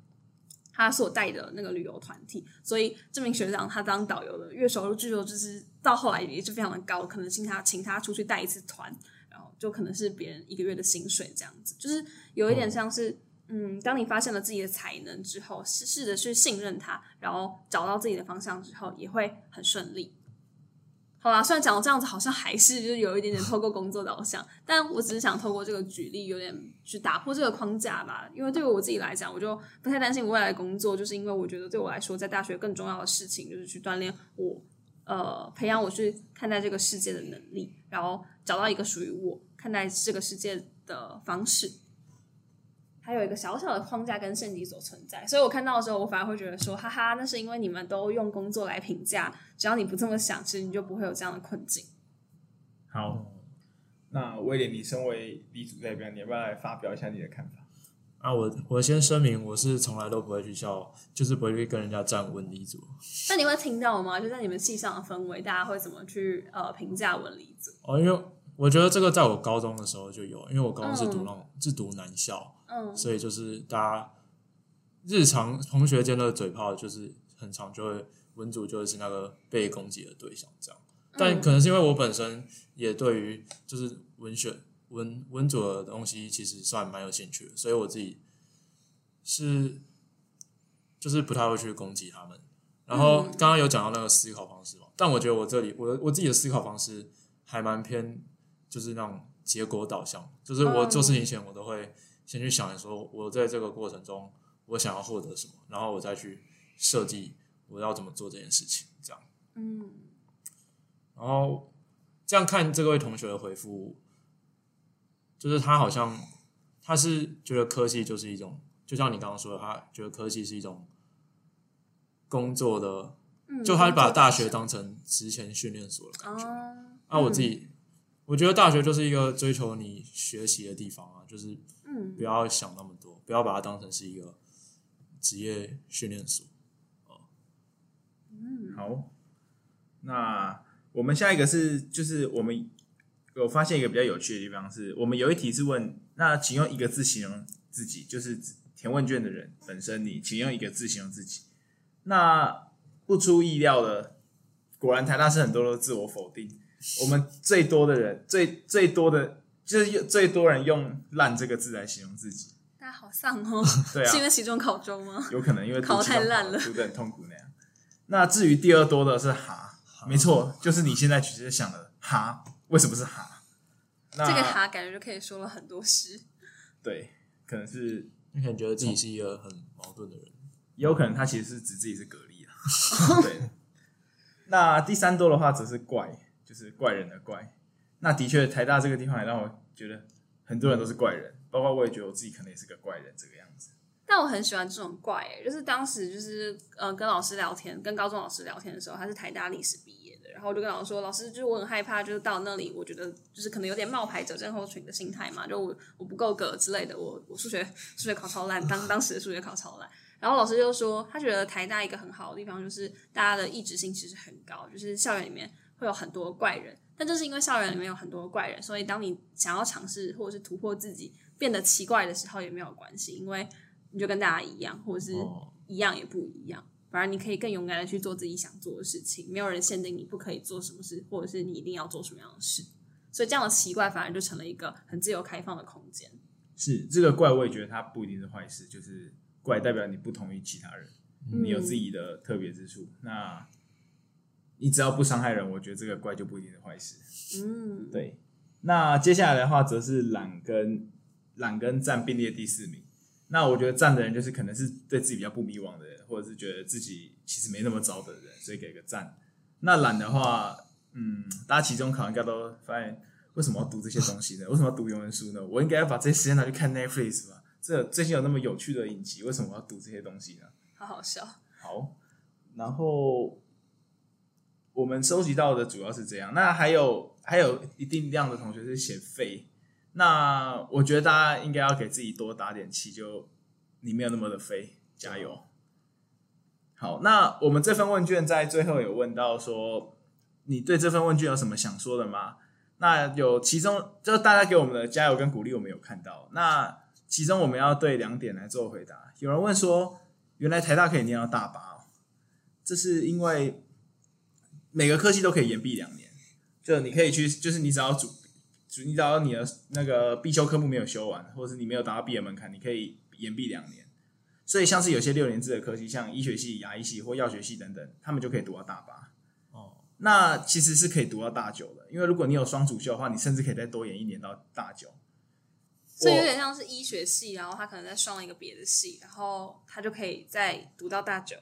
他所帶的那個旅遊團體。所以這名學長他當導遊的月收入據說就是到後來也是非常的高，可能請他請他出去帶一次團，然後就可能是別人一個月的薪水這樣子，就是有一點像是。嗯嗯，當你發現了自己的才能之後，試試着去信任他，然後找到自己的方向之後，也會很順利。好啦，雖然講到這樣子，好像還是就是有一點點透過工作導向，但我只是想透過這個舉例，有點去打破這個框架吧。因為對我自己來講，我就不太擔心我未來的工作，就是因為我覺得對我來說，在大學更重要的事情，就是去鍛鍊我，呃，培養我去看待這個世界的能力，然後找到一個屬於我看待這個世界的方式。還有一個小小的框架跟限制所存在，所以我看到的時候，我反而會覺得說，哈哈，那是因為你們都用工作來評價。只要你不這麼想，其實你就不會有這樣的困境。好，那威廉，你身為理組這邊，你要不要來發表一下你的看法？啊，我我先聲明，我是從來都不會去笑，就是不會去跟人家戰文理組。那你會聽到嗎？就在你們系上的氛圍，大家會怎麼去呃評價文理組？哦，因為我覺得這個在我高中的時候就有，因為我高中是讀那種、嗯、是讀男校。嗯、oh.，所以就是大家日常同學間的嘴炮，就是很常就會文組就是那個被攻擊的對象這樣。但可能是因為我本身也對於就是文學文文組的東西其實算蠻有興趣的，所以我自己是就是不太會去攻擊他們。然後剛剛有講到那個思考方式嘛，但我覺得我這裡我我自己的思考方式還蠻偏就是那種結果導向，就是我做事情前我都會。先去想一說，我在這個過程中，我想要獲得什麼，然後我再去設計我要怎麼做這件事情，這樣。嗯。然後這樣看，這位同學的回復，就是他好像他是覺得科技就是一種，就像你剛剛說的，他覺得科技是一種工作的、嗯，就他把大學當成職前訓練所的感覺。那、嗯啊、我自己，我覺得大學就是一個追求你學習的地方啊，就是。嗯，不要想那麼多，不要把它當成是一個職業訓練所，嗯，好，那我們下一個是，就是我們我發現一個比較有趣的地方是，我們有一題是問，那請用一個字形容自己，就是填問卷的人本身，你請用一個字形容自己，那不出意料的，果然台大是很多都自我否定，我們最多的人，最最多的。就是最多人用“爛”這個字來形容自己，大家好喪哦！ 對啊， 是因為期中考中嗎？有可能因為考得太爛了，讀得很痛苦那樣。那至於第二多的是哈“哈”，沒錯，就是你現在其實想的“哈”。為什麼是哈“哈”？那這個“哈”感覺就可以說了很多事。對，可能是你可能覺得自己是一個很矛盾的人，嗯，也有可能他其實是指自己是蛤蜊啊。 對。那第三多的話則是“怪”，就是“怪人”的“怪”。那的確，台大這個地方也讓我覺得很多人都是怪人，包括我也覺得我自己可能也是個怪人這個樣子。但我很喜歡這種怪，欸，就是當時就是呃跟老師聊天，跟高中老師聊天的時候，他是台大歷史畢業的，然後我就跟老師說，老師就是我很害怕，就是到那裡我覺得就是可能有點冒牌者症候群的心態嘛，就我我不夠格之類的，我我數學數學考超爛，當當時的數學考超爛。 然後老師就說，他覺得台大一個很好的地方就是大家的異質性其實很高，就是校園裡面會有很多怪人。但就是因為校園裡面有很多怪人，所以當你想要嘗試或者是突破自己變得奇怪的時候，也沒有關係，因為你就跟大家一樣，或者是一樣也不一樣，反而你可以更勇敢的去做自己想做的事情。沒有人限定你不可以做什麼事，或者是你一定要做什麼樣的事，所以這樣的奇怪反而就成了一個很自由開放的空間。是這個怪，我也覺得它不一定是壞事，就是怪代表你不同於其他人，你有自己的特別之處。嗯、那。你只要不傷害人，我覺得這個怪就不一定是壞事。嗯，對。那接下來的話，則是懶跟懶跟讚並列第四名。那我覺得讚的人，就是可能是對自己比較不迷惘的人，或者是覺得自己其實沒那麼糟的人，所以給個讚。那懶的話，嗯，大家期中考應該都發現，為什麼要讀這些東西呢？為什麼要讀原文書呢？我應該要把這些時間拿去看 Netflix 吧？這最近有那麼有趣的影集，為什麼我要讀這些東西呢？好好笑。好，然後。我們收集到的主要是這樣，那還有還有一定量的同學是寫廢，那我覺得大家應該要給自己多打點氣，就你沒有那麼的廢，加油！好，那我們這份問卷在最後有問到說，你對這份問卷有什麼想說的嗎？那有其中就大家給我們的加油跟鼓勵，我們有看到，那其中我們要對兩點來做回答。有人問說，原來台大可以念到大八，這是因為。每個科系都可以延畢兩年，就你可以去，就是你只要主主，你只要你的那個必修科目沒有修完，或者是你沒有達到畢業門檻，你可以延畢兩年。所以像是有些六年制的科系，像醫學系、牙醫系或藥學系等等，他們就可以讀到大八哦。那其實是可以讀到大九的，因為如果你有雙主修的話，你甚至可以再多延一年到大九。所以有點像是醫學系，然後他可能再上一個別的系，然後他就可以再讀到大九。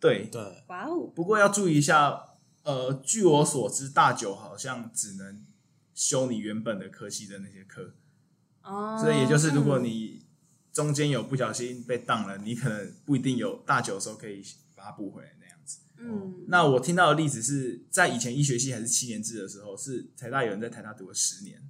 對對，哇哦！不過要注意一下。呃，據我所知，大九好像只能修你原本的科系的那些科，哦、oh, okay.，所以也就是如果你中間有不小心被當了，你可能不一定有大九的時候可以把它補回來那樣子。嗯、oh.，那我聽到的例子是在以前醫學系還是七年制的時候，是台大有人在台大讀了十年，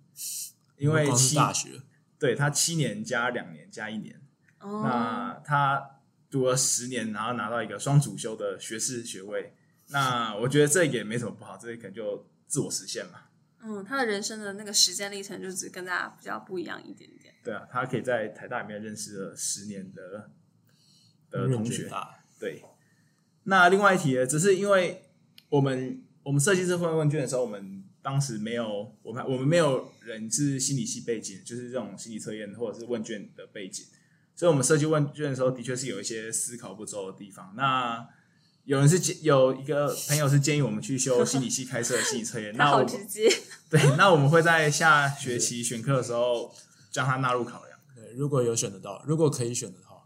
因為七大學、oh. 對他七年加兩年加一年，哦、oh.，那他讀了十年，然後拿到一個雙主修的學士學位。那我覺得這一點沒什麼不好，這一點可能就自我實現嘛。嗯，他的人生的那個時間歷程就只跟大家比較不一樣一點點。對啊，他可以在台大裡面認識了十年的呃同學。對。那另外一題呢，只是因為我們我們設計這份問卷的時候，我們當時沒有我們我們沒有人是心理系背景，就是這種心理測驗或者是問卷的背景，所以我們設計問卷的時候，的確是有一些思考不周的地方。那。有人是，有一個朋友是建議我們去修心理系開設的心理測驗呵呵，那我們，對，那我們會在下學期選課的時候將它納入考量。對，如果有選得到，如果可以選的話，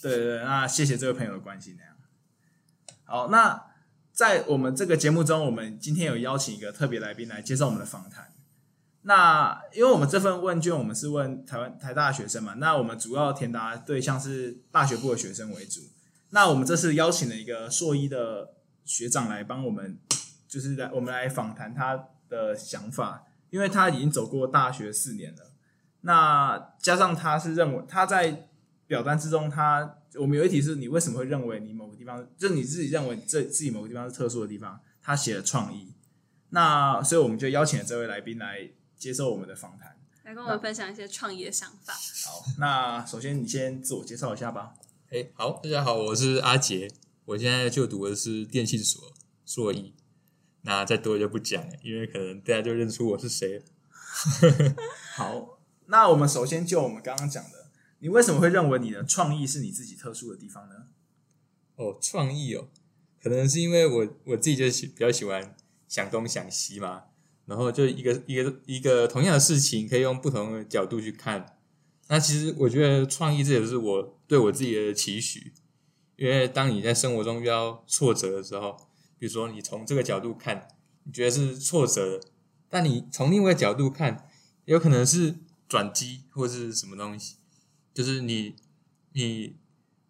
對對，對，那謝謝這位朋友的關心那樣。好，那在我們這個節目中，我們今天有邀請一個特別來賓來接受我們的訪談。那因為我們這份問卷，我們是問台灣台大學生嘛，那我們主要填答對象是大學部的學生為主。那我們這次邀請了一個碩一的學長來幫我們，就是來我們來訪談他的想法，因為他已經走過大學四年了。那加上他是認為他在表單之中他，他我們有一題是你為什麼會認為你某個地方，就你自己認為這自己某個地方是特殊的地方，他寫了創意。那所以我們就邀請了這位來賓來接受我們的訪談，來跟我們分享一些創意的想法。好，那首先你先自我介紹一下吧。哎，好，大家好，我是阿杰，我現在就讀的是電信所碩一，那再多就不講了，因為可能大家就認出我是誰了。 好， 那我們首先就我們剛剛講的，你為什麼會認為你的創意是你自己特殊的地方呢？哦，創意哦，可能是因為我我自己就喜比較喜歡想東想西嘛，然後就一個一個一個同樣的事情可以用不同的角度去看。那其實我覺得創意，這也是我對我自己的期許，因為當你在生活中遇到挫折的時候，比如說你從這個角度看，你覺得是挫折的，但你從另外一個角度看，有可能是轉機或者是什麼東西，就是你你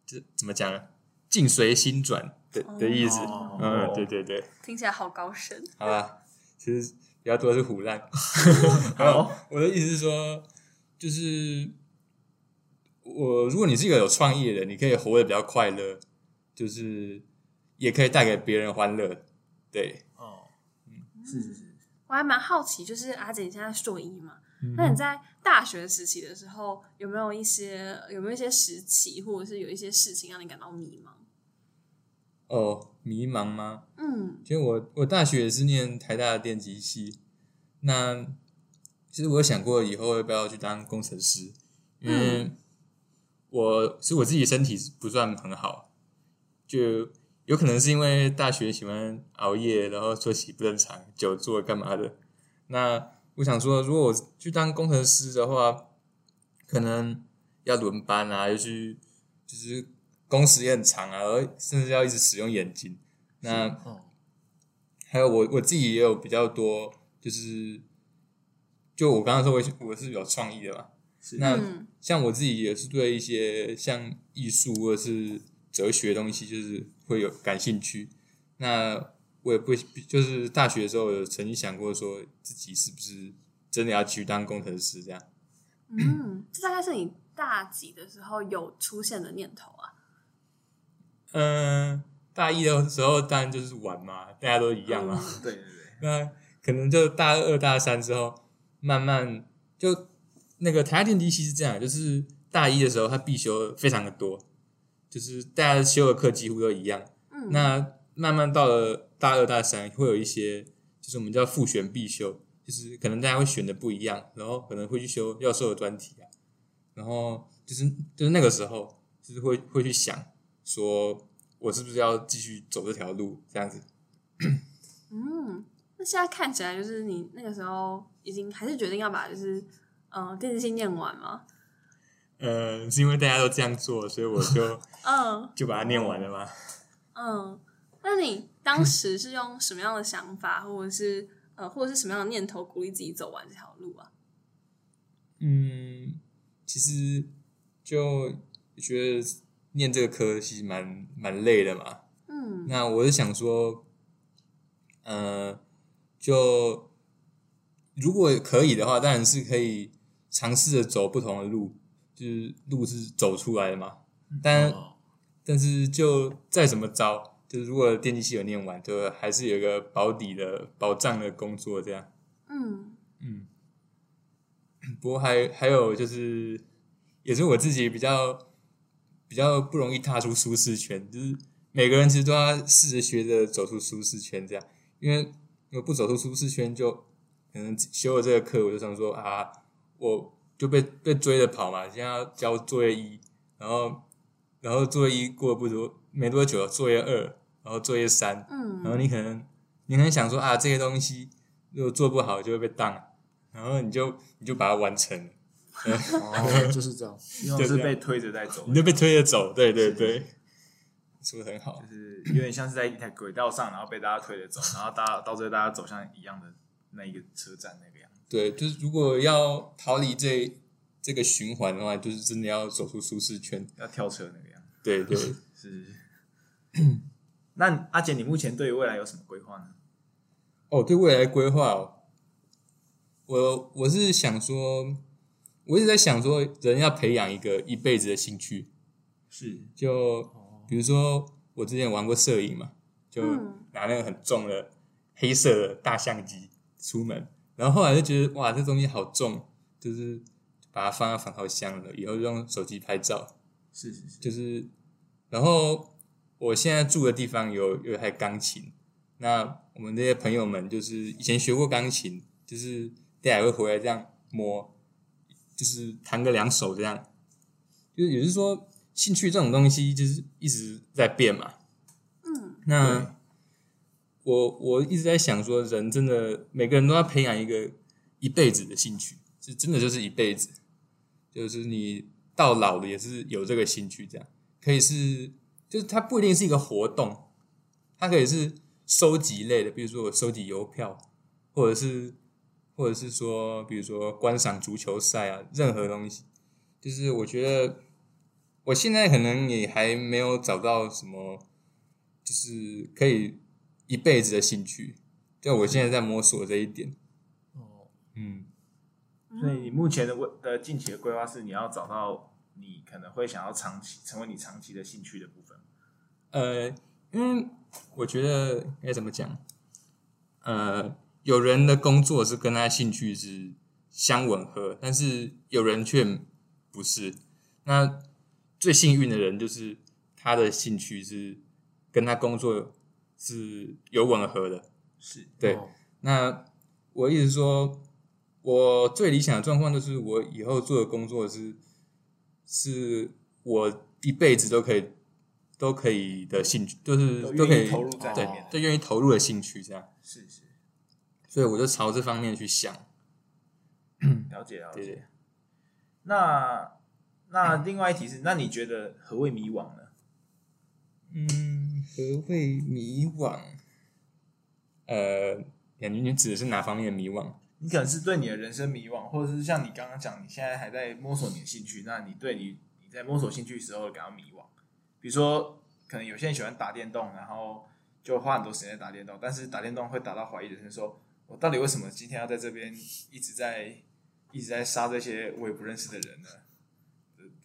這怎麼講呢、啊？境隨心轉的的意思，oh, oh. 嗯，對對對，聽起來好高深好吧 其實比較多是唬爛，好、 oh. 嗯、我的意思是說，就是。我，如果你是一個有創意的人，你可以活得比較快樂，就是也可以帶給別人歡樂。對，哦、oh.，嗯，是是是。我還蠻好奇，就是阿姐你現在碩一嘛、嗯？那你在大學時期的時候，有沒有一些有沒有一些時期，或者是有一些事情讓你感到迷茫？哦、oh,，迷茫嗎？嗯，其實我我大學也是念台大的電機系，那其實我有想過以後要不要去當工程師，嗯。嗯我是我自己身體不算很好，就有可能是因為大學喜歡熬夜，然後作息不正常，久坐幹嘛的。那我想說，如果我去當工程師的話，可能要輪班啊，尤其就是工時也很長啊，而甚至要一直使用眼睛。那，還有我我自己也有比較多，就是就我剛剛說，我我是有創意的吧。那像我自己也是對一些像藝術或者是哲學的東西，就是會有感興趣。那我也不就是大學的時候有曾經想過，說自己是不是真的要去當工程師這樣？嗯，這大概是你大幾的時候有出現的念頭啊？嗯、呃，大一的時候當然就是玩嘛，大家都一樣嘛。對對對。那可能就大二大三之後，慢慢就。那個台大電機系是這樣，就是大一的時候，他必修非常的多，就是大家修的課幾乎都一樣。嗯，那慢慢到了大二、大三，會有一些，就是我們叫複選必修，就是可能大家會選的不一樣，然後可能會去修要修的專題啊。然後就是就是那個時候，就是會會去想，說我是不是要繼續走這條路這樣子？嗯，那現在看起來，就是你那個時候已經還是決定要把就是。嗯、哦，電子信念完嗎？呃，是因為大家都這樣做，所以我就嗯， 呃，就把它念完了嗎？嗯、呃，那你當時是用什麼樣的想法， 或者是呃，或者是什麼樣的念頭鼓勵自己走完這條路啊？嗯，其實就覺得念這個科其實蠻蠻累的嘛。嗯，那我是想說，呃，就如果可以的話，當然是可以。嘗試着走不同的路，就是路是走出來的嘛。嗯、但、哦、但是就再怎麼着，就是如果電機系有念完，就還是有一個保底的保障的工作這樣。嗯嗯。不過還還有就是，也是我自己比較比較不容易踏出舒適圈，就是每個人其實都要試着學着走出舒適圈，這樣。因為如果不走出舒適圈就，就可能修了這個課，我就想說啊。我就被被追着跑嘛，現在要交作業一，然後然後作業一過不多沒多久，作業二，然後作業三，嗯，然後你可能你很想說啊，這些東西如果做不好就會被當，然後你就你就把它完成，哦，就是這樣， 就，這樣就是被推着在走，你就被推着走，對對對，說得很好。就是有點像是在一台軌道上，然後被大家推着走，然後大家到最後大家走向一樣的那一個車站那邊、個。對，就是如果要逃離這這個循環的話，就是真的要走出舒適圈，要跳車那個樣子。對對是。是。 那阿、啊、姐你目前對於未來有什麼規劃呢？哦，對未來的規劃哦，我我是想說，我一直在想說，人要培養一個一輩子的興趣，是就、哦、比如說我之前玩過攝影嘛，就拿那個很重的黑色的大相機出門。然後後來就覺得哇，這東西好重，就是把它放到防潮箱了。以後就用手機拍照，是是是。就是，然後我現在住的地方有有一台鋼琴。那我們這些朋友們，就是以前學過鋼琴，就是大家也會回來這樣摸，就是彈個兩首這樣。就是也就是說，興趣這種東西就是一直在變嘛。嗯。那。嗯我我一直在想說，人真的每個人都要培養一個一輩子的興趣，是真的就是一輩子，就是你到老了也是有這個興趣，這樣可以是就是它不一定是一個活動，它可以是收集類的，比如說我收集郵票，或者是或者是說比如說觀賞足球賽啊，任何東西，就是我覺得我現在可能也還沒有找到什麼，就是可以。一輩子的興趣，就我現在在摸索這一點。哦，嗯，所以你目前的規的近期的規劃是你要找到你可能會想要長期成為你長期的興趣的部分。呃，嗯，因為我覺得該怎麼講？呃，有人的工作是跟他興趣是相吻合，但是有人卻不是。那最幸運的人就是他的興趣是跟他工作。是有吻合的。是對。哦、那我一直說，我最理想的狀況就是我以後做的工作是，是我一輩子都可以、都可以的興趣，就是都可以投入在裡面，最、哦、願意投入的興趣這樣、嗯。是是。所以我就朝這方面去想。了解了解。對，那那另外一題是，那你覺得何謂迷惘呢？嗯，何謂迷惘？呃，感覺你指的是哪方面的迷惘？你可能是對你的人生迷惘，或者是像你剛剛講，你現在還在摸索你的興趣，那你對你你在摸索興趣的時候感到迷惘。比如說，可能有些人喜歡打電動，然後就花很多時間打電動，但是打電動會打到懷疑人生，就是，說我到底為什麼今天要在這邊一直在一直在殺這些我也不認識的人呢？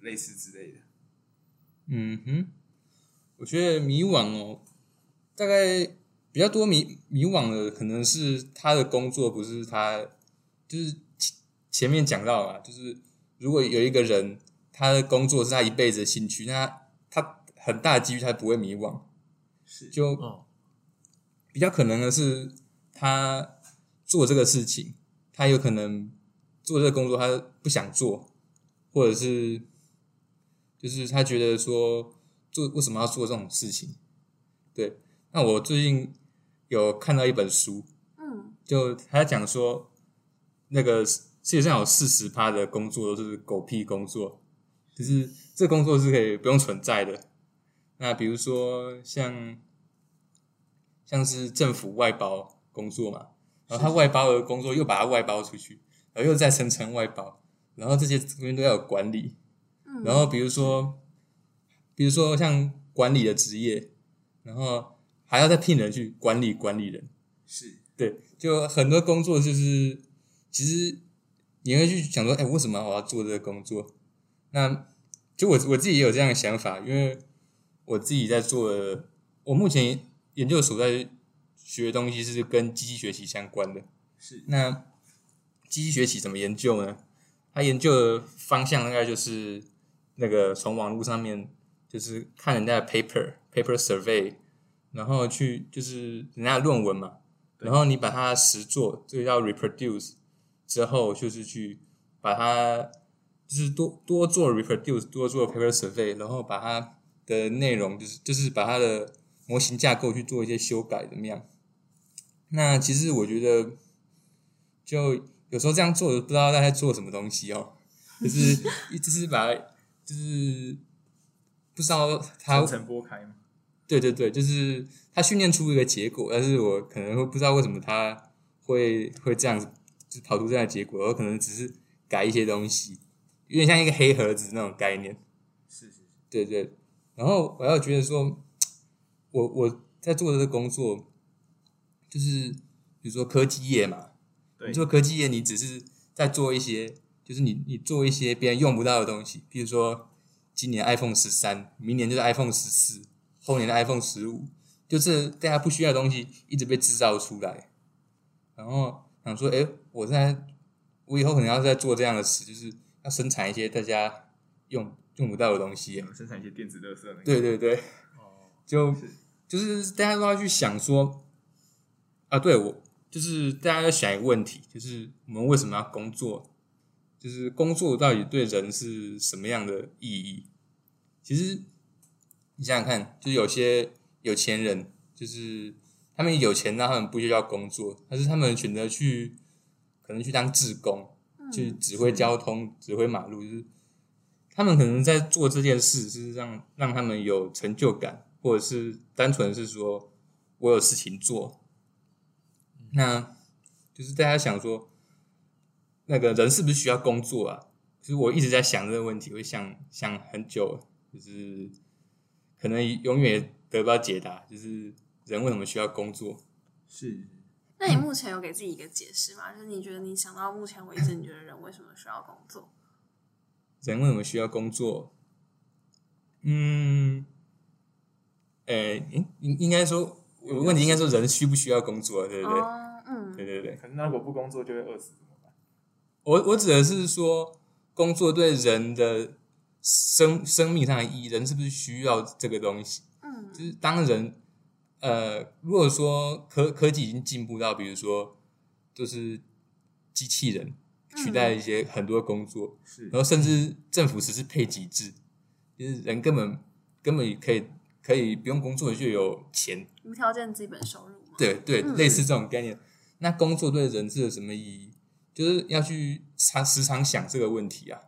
類似之類的。嗯哼。我覺得迷惘哦，大概比較多迷迷惘的，可能是他的工作不是他，就是前面講到啊，就是如果有一個人，他的工作是他一輩子的興趣，那他，他很大的幾率他不會迷惘，是就比較可能的是他做這個事情，他有可能做這個工作他不想做，或者是就是他覺得說。做，為什麼要做這種事情？對，那我最近有看到一本書，嗯，就他講說，那個世界上有四十趴的工作都是狗屁工作，就是這工作是可以不用存在的。那比如說像，像是政府外包工作嘛，然後他外包的工作又把它外包出去，然後又再層層外包，然後這些中間都要有管理，嗯，然後比如說。比如說像管理的職業，然後還要再聘人去管理管理人，是，對，就很多工作就是其實你會去想說，哎，為什麼我要做這個工作？那就我我自己也有這樣的想法，因為我自己在做的，我目前研究所在學的東西是跟機器學習相關的。是，那機器學習怎麼研究呢？它研究的方向大概就是那個從網絡上面。就是看人家的 paper，paper paper survey，然後去就是人家的論文嘛，然後你把它實做，這個叫 reproduce，之後就是去把它就是多多做 reproduce，多做 paper survey，然後把它的內容就是就是把它的模型架構去做一些修改，怎麼樣？那其實我覺得，就有時候這樣做就不知道大家在做什麼東西哦，就是一直 是把它就是。不知道它，對對對，就是它訓練出一個結果，但是我可能會不知道為什麼它會會這樣子，就跑出這樣的結果，我可能只是改一些東西，有點像一個黑盒子那種概念。是是是，對對。然後我還覺得說，我我在做的這個工作，就是比如說科技業嘛，對，你做科技業，你只是在做一些，就是你你做一些別人用不到的東西，比如說。今年 iPhone 十三，明年就是 iPhone 十四，後年的 iPhone 十五，就是大家不需要的東西一直被製造出來，然後想說，哎，我在，我以後可能要再做這樣的事，就是要生產一些大家用用不到的東西，嗯，生產一些電子垃圾。那個、對對對，哦，就就是大家都要去想說，啊對，對我就是大家要想一個問題，就是我們為什麼要工作？就是工作到底對人是什麼樣的意義？其實你想想看，就是、有些有錢人，就是他們有錢，那他們不需要工作，但是他們選擇去，可能去當志工，去指揮交通，指揮馬路，就是他們可能在做這件事，就是讓讓他們有成就感，或者是單純是說我有事情做。那就是大家想說。那個人是不是需要工作啊？其實我一直在想這個問題，我會想想很久，就是可能永遠得不到解答。就是人為什麼需要工作？是。那你目前有給自己一個解釋嗎？就是你覺得你想到目前為止， 你覺得人為什麼需要工作？人為什麼需要工作？嗯，誒，應應該說，問題應該說人需不需要工作、啊，對不對？Oh, 嗯，對對對。可能那如果不工作就會餓死。我我指的是說，工作對人的生生命上的意義，人是不是需要這個東西？嗯，就是當人呃，如果說科科技已經進步到，比如說就是機器人取代一些很多工作，是、嗯，然後甚至政府實施配給制，就是人根本根本可以可以不用工作就有錢，無條件基本收入，對對、嗯，類似這種概念。那工作對人是有什麼意義？就是要去常時常想這個問題啊、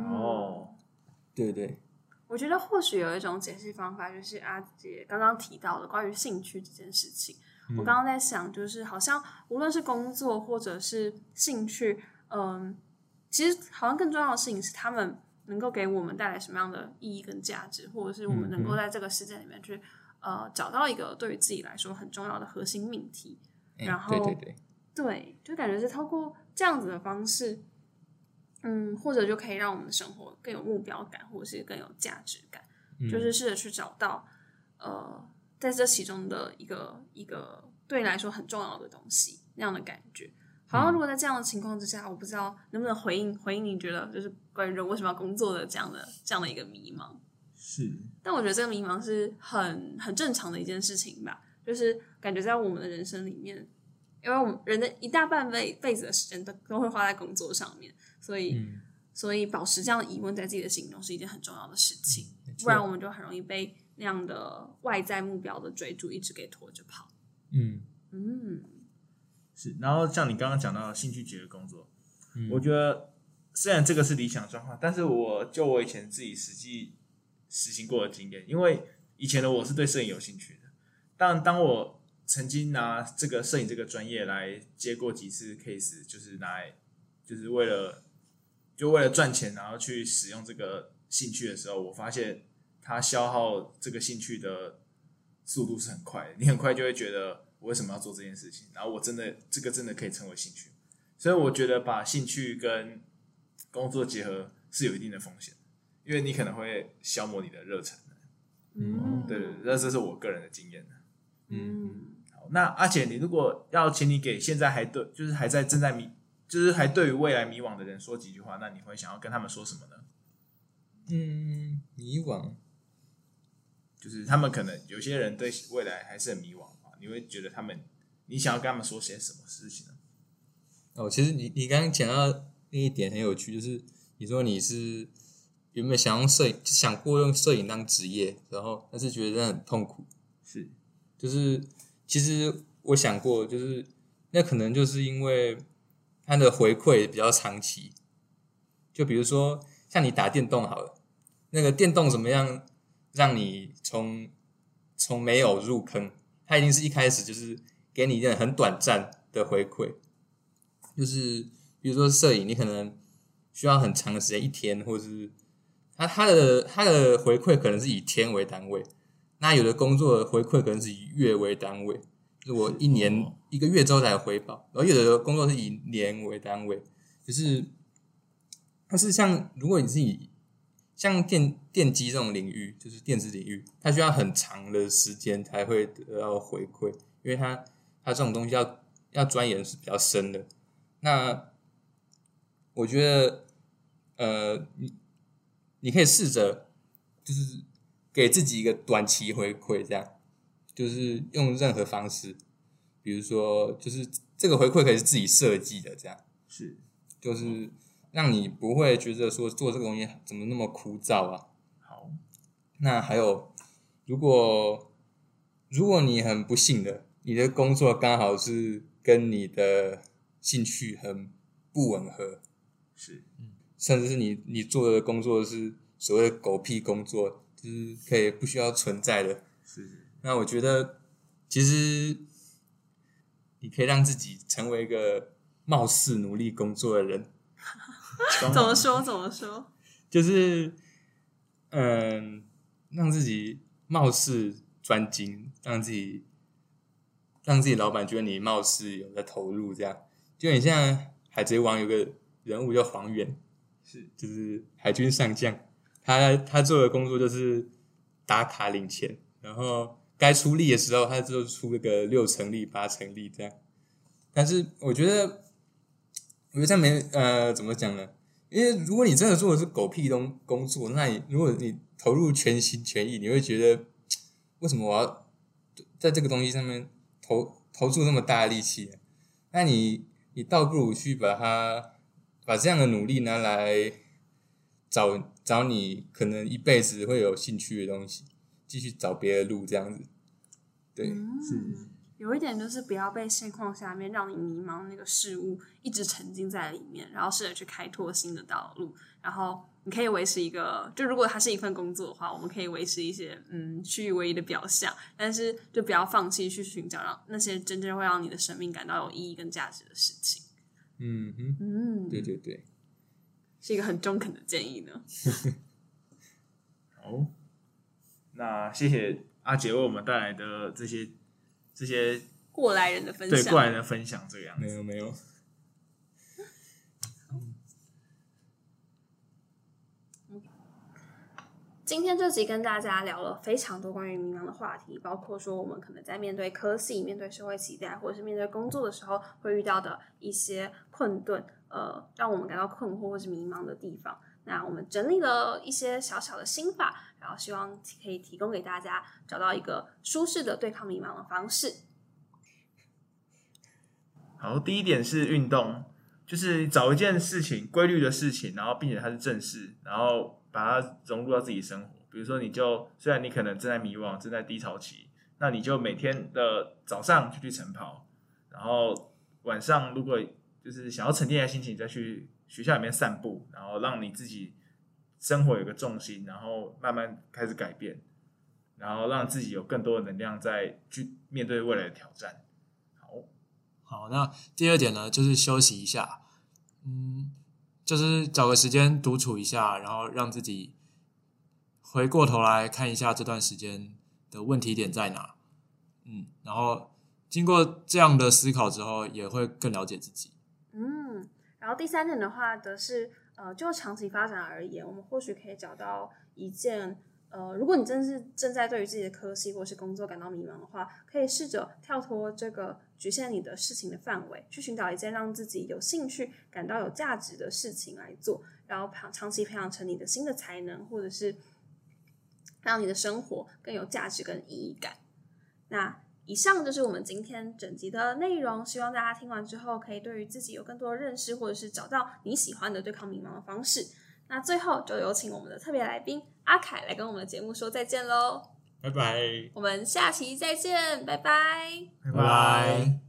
oh.，哦， 對對，我覺得或許有一種解釋方法，就是阿杰剛剛提到的關於興趣這件事情。我剛剛在想，就是好像無論是工作或者是興趣，嗯，其實好像更重要的事情是他們能夠給我們帶來什麼樣的意義跟價值，或者是我們能夠在這個世界裡面去呃找到一個對於自己來說很重要的核心命題。然後、欸，對對對。對，就感覺是透過這樣子的方式，嗯，或者就可以讓我們的生活更有目標感，或者是更有價值感。嗯、就是試着去找到，呃，在這其中的一個一個對你來說很重要的東西那樣的感覺。好像如果在這樣的情況之下，嗯、我不知道能不能回應回應你覺得，就是關於人為什麼要工作的這樣的這樣的一個迷茫。是，但我覺得這個迷茫是很很正常的一件事情吧，就是感覺在我們的人生裡面。因為我們人的一大半輩輩子的時間都都會花在工作上面，所以、嗯、所以保持這樣的疑問在自己的心中是一件很重要的事情，嗯、不然我們就很容易被那樣的外在目標的追逐一直給拖着跑。嗯嗯，是。然後像你剛剛講到的興趣解決工作，嗯，我覺得雖然這個是理想狀況，但是我就我以前自己實際實行過的經驗，因為以前的我是對攝影有興趣的，但當我。曾經拿這個攝影這個專業來接過幾次 case，就是來，就是為了，就為了賺錢，然後去使用這個興趣的時候，我發現它消耗這個興趣的速度是很快的。你很快就會覺得，我為什麼要做這件事情？然後我真的，這個真的可以稱為興趣。所以我覺得把興趣跟工作結合是有一定的風險，因為你可能會消磨你的熱忱。嗯，哦、對，對，對，那這是我個人的經驗。嗯。那阿姐，你如果要請你給現在還對，就是還在正在迷，就是還對於未來迷惘的人說幾句話，那你會想要跟他們說什麼呢？嗯，迷惘，就是他們可能有些人對未來還是很迷惘啊。你會覺得他們，你想要跟他們說些什麼事情呢？哦，其實你你剛剛講到那一點很有趣，就是你說你是原本想用攝影，想過用攝影當職業，然後但是覺得這很痛苦，是，就是。其實我想過，就是那可能就是因為它的回饋比較長期，就比如說像你打電動好了，那個電動怎麼樣讓你從從沒有入坑，它一定是一開始就是給你一點很短暫的回饋，就是比如說攝影，你可能需要很長的時間，一天或者是它它的它的回饋可能是以天為單位。那有的工作的回饋可能是以月為單位，就是我一年一個月之後才有回報，而有的工作是以年為單位，就是它是像如果你是以像電電機這種領域，就是電子領域，它需要很長的時間才會得到回饋，因為它它這種東西要要鑽研是比較深的。那我覺得，呃，你你可以試着就是。給自己一個短期回饋，這樣就是用任何方式，比如說，就是這個回饋可以是自己設計的，這樣是就是讓你不會覺得說做這個東西怎麼那麼枯燥啊。好，那還有，如果如果你很不幸的，你的工作剛好是跟你的興趣很不吻合，是嗯，甚至是你你做的工作是所謂的狗屁工作，就是可以不需要存在的，是，是。那我覺得，其實你可以讓自己成為一個貌似努力工作的人。 道怎， 怎麼說？怎麼說？就是，嗯，讓自己貌似專精，讓自己讓自己老闆覺得你貌似有在投入，這樣。就很像《海賊王》有個人物叫黃猿，是，就是海軍上將。他他做的工作就是打卡領錢，然後該出力的時候，他就出那個六成力、八成力這樣。但是我覺得，我覺得他沒呃怎麼講呢？因為如果你真的做的是狗屁東工作，那你如果你投入全心全意，你會覺得為什麼我要在這個東西上面投投注那麼大的力氣啊？那你你倒不如去把它把這樣的努力拿來。找找你可能一輩子會有興趣的東西，繼續找別的路這樣子，對，是、嗯、有一點就是不要被現況下面讓你迷茫的那個事物一直沉浸在裡面，然後試着去開拓新的道路。然後你可以維持一個，就如果它是一份工作的話，我們可以維持一些嗯，虛偽的表象，但是就不要放棄去尋找讓那些真正會讓你的生命感到有意義跟價值的事情。嗯嗯嗯，對對對。是一個很中肯的建議呢。 好，那謝謝阿杰為我們帶來的這些這些過來人的分享。對，過來人的分享這個樣子。沒有，沒有。嗯，今天這集跟大家聊了非常多關於迷茫的話題，包括說我們可能在面對科技、面對社會期待，或者是面對工作的時候會遇到的一些困頓。呃，讓我們感到困惑或是迷茫的地方，那我們整理了一些小小的心法，然後希望可以提供給大家找到一個舒適的對抗迷茫的方式。好，第一點是運動，就是找一件事情規律的事情，然後並且它是正事，然後把它融入到自己生活。比如說，你就雖然你可能正在迷惘、正在低潮期，那你就每天的早上就去晨跑，然後晚上如果。就是想要沉澱一下心情，再去學校裡面散步，然後讓你自己生活有個重心，然後慢慢開始改變，然後讓自己有更多的能量再去面對未來的挑戰。好，好，那第二點呢，就是休息一下，嗯，就是找個時間獨處一下，然後讓自己回過頭來看一下這段時間的問題點在哪，嗯，然後經過這樣的思考之後，也會更了解自己。嗯，然後第三點的話則是，呃，就長期發展而言，我們或許可以找到一件，呃，如果你真的是正在對於自己的科系或是工作感到迷茫的話，可以試着跳脫這個局限你的事情的範圍，去尋找一件讓自己有興趣、感到有價值的事情來做，然後長長期培養成你的新的才能，或者是讓你的生活更有價值跟意義感。那。以上就是我們今天整集的內容，希望大家聽完之後可以對於自己有更多的認識，或者是找到你喜歡的對抗迷茫的方式。那最後就有請我們的特別來賓阿凱來跟我們的節目說再見嘍，拜拜，我們下期再見，拜拜，拜拜。